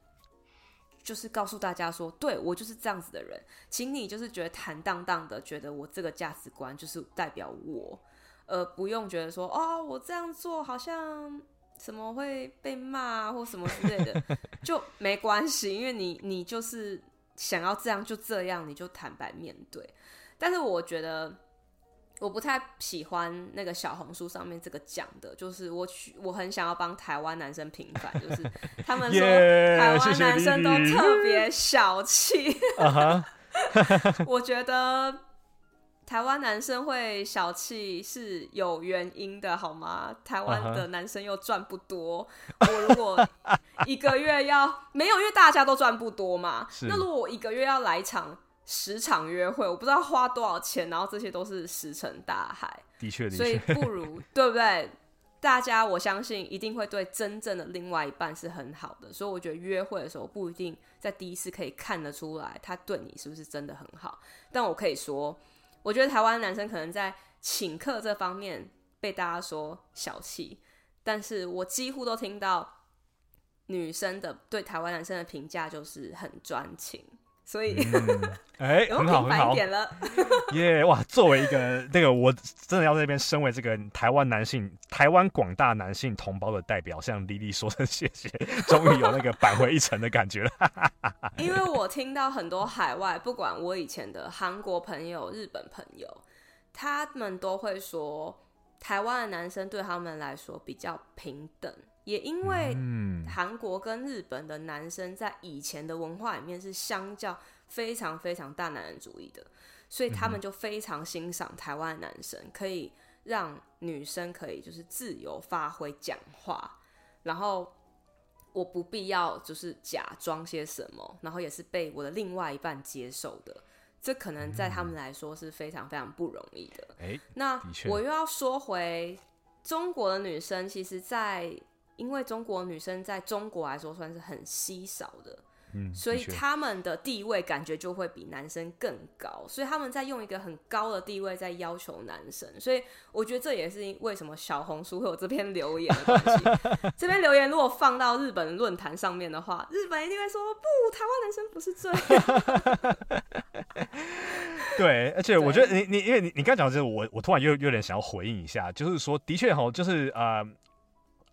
就是告訴大家說，對，我就是這樣子的人，請你就是覺得坦蕩蕩的，覺得我這個價值觀就是代表我，呃，不用覺得說，哦，我這樣做好像什麼會被罵啊，或什麼之類的，就沒關係，因為你你就是想要這樣就這樣，你就坦白面對。但是我覺得。我不太喜歡那個小紅書上面這個講的，就是我去，我很想要幫台灣男生平反， 就是他們說 yeah, 台灣男生都特別小氣。我覺得台灣男生會小氣是有原因的，好嗎？台灣的男生又賺不多，uh-huh. 我如果一個月要沒有，因為大家都賺不多嘛。 那如果我一個月要來一場。十場約會，我不知道花多少錢，然後這些都是石沉大海。的確，所以不如 對不對？大家我相信一定會對真正的另外一半是很好的，所以我覺得約會的時候不一定在第一次可以看得出來他對你是不是真的很好。但我可以說，我覺得台灣男生可能在請客這方面被大家說小氣，但是我幾乎都聽到女生的對台灣男生的評價就是很專情。所以，嗯，哎、欸， 一點了很好，很好，耶、yeah,！哇，作為一個 那個，我真的要在這邊，身為這個台灣男性、台灣廣大男性同胞的代表，向莉莉說聲謝謝，終於有那個扳回一城的感覺了。 因為我聽到很多海外，不管我以前的韓國朋友、日本朋友，他們都會說，台灣的男生對他們來說比較平等。也因為韓國跟日本的男生在以前的文化裡面是相較非常非常大男人主義的，所以他們就非常欣賞台灣男生可以讓女生可以就是自由發揮講話，然後我不必要就是假裝些什麼，然後也是被我的另外一半接受的。這可能在他們來說是非常非常不容易的。誒，那我又要說回中國的女生，其實，在因為中國女生在中國來說算是很稀少的，嗯，所以他們的地位感覺就會比男生更高，所以他們在用一個很高的地位在要求男生，所以我覺得這也是為什麼小紅書會有這篇留言的東西。 這篇留言如果放到日本論壇上面的話，日本一定會說不，台灣男生不是最。 對，而且我覺得你你因為你你剛講的，我我突然又有，有點想要回應一下，就是說，的確哈，就是啊。呃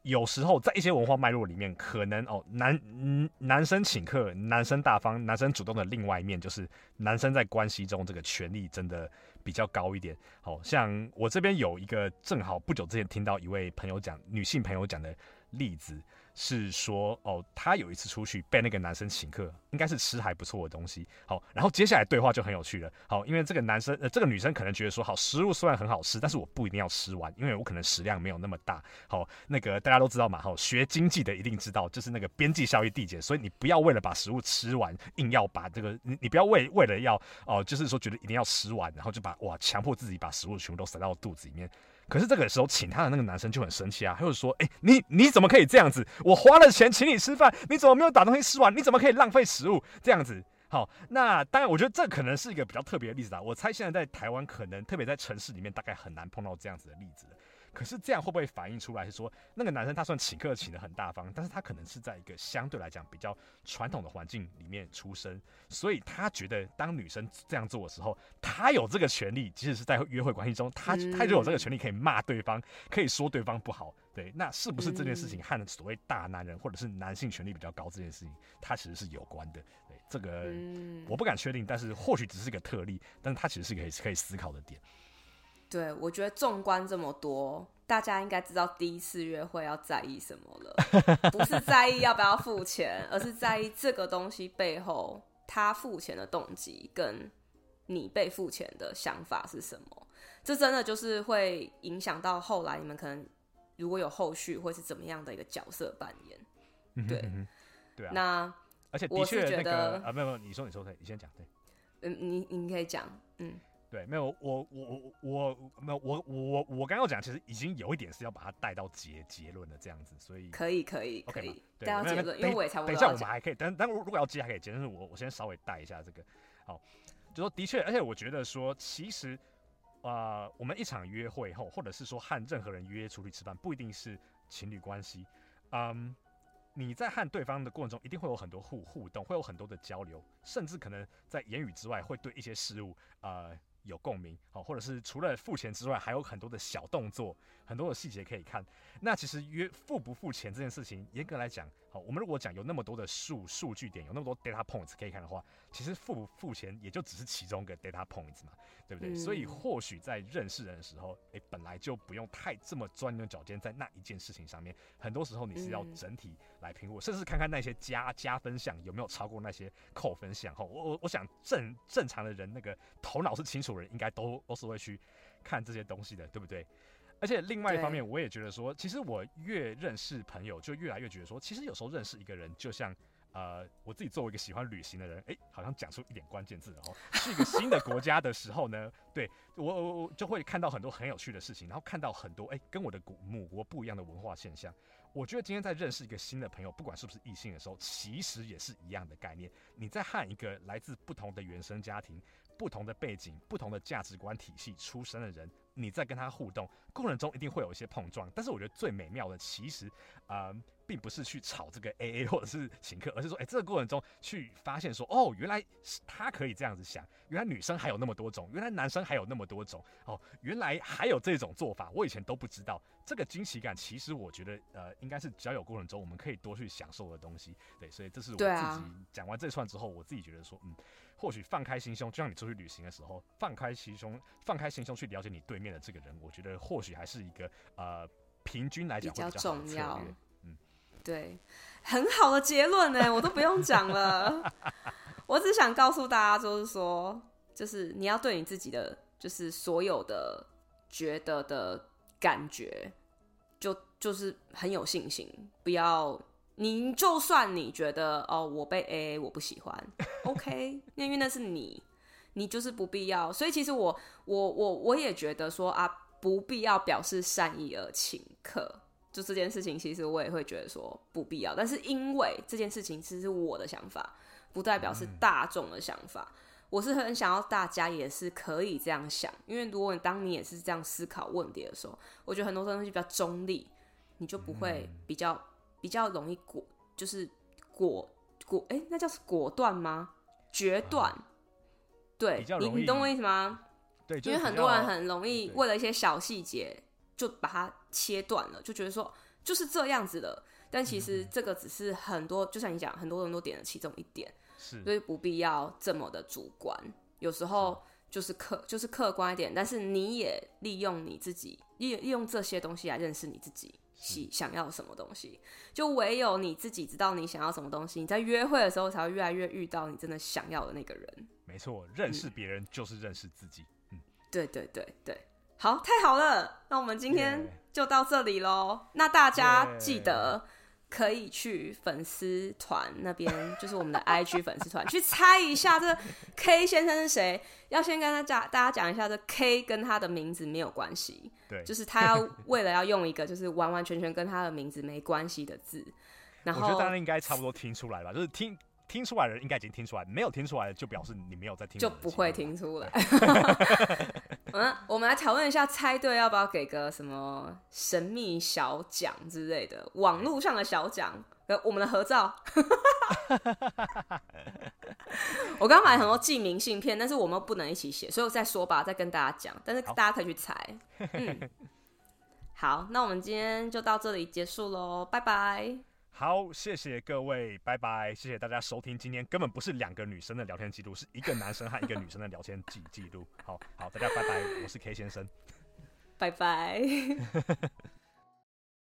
有時候在一些文化脈絡裡面，可能哦，男男生請客，男生大方，男生主動的另外一面，就是男生在關係中這個權力真的比較高一點。好像我這邊有一個，正好不久之前聽到一位朋友講，女性朋友講的例子。是說哦，他有一次出去被那個男生請客，應該是吃還不錯的東西。好，然後接下來對話就很有趣了。好，因為這個男生呃，這個女生可能覺得說，好，食物雖然很好吃，但是我不一定要吃完，因為我可能食量沒有那麼大。好，那個大家都知道嘛，好，學經濟的一定知道，就是那個邊際效益遞減，所以你不要為了把食物吃完，硬要把這個你你不要為為了要哦、呃，就是說覺得一定要吃完，然後就把哇強迫自己把食物全部都塞到肚子裡面。可是這個時候，請他的那個男生就很生氣啊，他就說：“哎、欸，你你怎麼可以這樣子？我花了錢請你吃飯，你怎麼沒有把東西吃完？你怎麼可以浪費食物？這樣子。好，那當然，我覺得這可能是一個比較特別的例子啊。我猜現在在台灣，可能特別在城市裡面，大概很難碰到這樣子的例子。”可是這樣會不會反映出來是說那個男生他算請客請得很大方，但是他可能是在一個相對來講比較傳統的環境裡面出生，所以他覺得當女生這樣做的時候，他有這個權利，即使是在約會關係中，他他就有這個權利可以罵對方，可以說對方不好。對，那是不是這件事情和所謂大男人或者是男性權力比較高這件事情，他其實是有關的？對，這個我不敢確定，但是或許只是個特例，但是他其實是個可以可以思考的點。對，我覺得縱觀這麼多，大家應該知道第一次約會要在意什麼了。 不是在意要不要付錢， 而是在意這個東西背後他付錢的動機跟你被付錢的想法是什麼。這真的就是會影響到後來你們可能如果有後續會是怎麼樣的一個角色扮演。對、嗯，對。嗯對啊、那而且的確我是覺得、那個、啊，沒有，沒有，你說，你說，可以，你先講。對，嗯，你你可以講，嗯。對，沒有我我我我沒有我我我剛剛講，剛剛其實已經有一點是要把它帶到結結論的這樣子，所以可以可以可以，帶到、okay、結論，因為我也差不多，等一下我們還可以，等如果要接，還可以接。但是我我先稍微帶一下這個。好，就說的確，而且我覺得說，其實啊、呃，我們一場約會後，或者是說和任何人約出去吃飯，不一定是情侶關係。嗯，你在和對方的過程中，一定會有很多互互動，會有很多的交流，甚至可能在言語之外，會對一些事物啊。呃有共鳴，好，或者是除了付錢之外，還有很多的小動作，很多的細節可以看。那其實約付不付錢這件事情，嚴格來講，好，我們如果講有那麼多的數數據點，有那麼多 data points 可以看的話，其實付不付錢也就只是其中一個 data points 嘛，對不對？嗯、所以或許在認識人的時候，哎、欸，本來就不用太這麼鑽牛角尖在那一件事情上面，很多時候你是要整體來評估、嗯，甚至看看那些加加分項有沒有超過那些扣分項。吼，我我我想正正常的人，那個頭腦是清楚的人，應該都都是會去看這些東西的，對不對？而且另外一方面，我也覺得說，其實我越認識朋友，就越來越覺得說，其實有時候認識一個人，就像，呃，我自己作為一個喜歡旅行的人，哎、欸，好像講出一點關鍵字，然後去一個新的國家的時候呢， 對我我我就會看到很多很有趣的事情，然後看到很多哎、欸、跟我的母國不一樣的文化現象。我覺得今天在認識一個新的朋友，不管是不是異性的時候，其實也是一樣的概念。你在和一個來自不同的原生家庭、不同的背景、不同的價值觀體系出身的人。你在跟他互動過程中，一定會有一些碰撞，但是我覺得最美妙的，其實，嗯、呃。並不是去吵這個 AA 或者是請客，而是說，哎、欸，這個過程中去發現說，哦，原來他可以這樣子想，原來女生還有那麼多種，原來男生還有那麼多種，哦，原來還有這種做法，我以前都不知道。這個驚喜感，其實我覺得，呃，應該是交友過程中我們可以多去享受的東西。對，所以這是我自己講完這串之後、啊，我自己覺得說，嗯，或許放開心胸，就像你出去旅行的時候，放開心胸，放開心胸去了解你對面的這個人，我覺得或許還是一個，呃，平均來講會比較重要。對，很好的結論呢，我都不用講了，我只想告訴大家，就是說，就是你要對你自己的，就是所有的覺得的感覺，就就是很有信心，不要你就算你覺得哦，我被 AA，我不喜歡，OK，因為那是你，你就是不必要，所以其實我我我我也覺得說啊，不必要表示善意而請客。可就這件事情，其實我也會覺得說不必要，但是因為這件事情其實是我的想法，不代表是大眾的想法，嗯。我是很想要大家也是可以這樣想，因為如果你當你也是這樣思考問題的時候，我覺得很多東西比較中立，你就不會比較、嗯、比較容易果就是果果哎、欸，那叫是果斷嗎？決斷、啊？對，你你懂我意思嗎？對，因為很多人很容易為了一些小細節就把它。切斷了，就覺得說就是這樣子的，但其實這個只是很多，嗯、就像你講，很多人都點了其中一點，是，所、就、以、是、不必要這麼的主觀，有時候就是客是就是客觀一點，但是你也利用你自己，利，利用這些東西來認識你自己，喜想要什麼東西，就唯有你自己知道你想要什麼東西，你在約會的時候才會越來越遇到你真的想要的那個人。沒錯，認識別人就是認識自己，嗯，嗯對對對對。好，太好了！那我們今天就到這裡嘍。Yeah. 那大家記得可以去粉絲團那邊， 就是我們的 IG 粉絲團， 去猜一下這 K 先生是誰。要先跟他講，大家講一下，這 K 跟他的名字沒有關係，對，就是他要為了要用一個就是完完全全跟他的名字沒關係的字。 然後我覺得大家應該差不多聽出來吧，就是聽聽出來的人應該已經聽出來，沒有聽出來的就表示你沒有在聽，就不會聽出來。 我，我們來討論一下，猜對要不要給個什麼神秘小獎之類的？網絡上的小獎，呃，我們的合照。 我剛買很多寄明信片，但是我們不能一起寫，所以我再說吧，再跟大家講。但是大家可以去猜。好， 嗯、好，那我們今天就到這裡結束嘍，拜拜。好，謝謝各位，拜拜！謝謝大家收聽。今天根本不是兩個女生的聊天記錄，是一個男生和一個女生的聊天記記錄。 好好，大家拜拜，我是 K 先生，拜拜。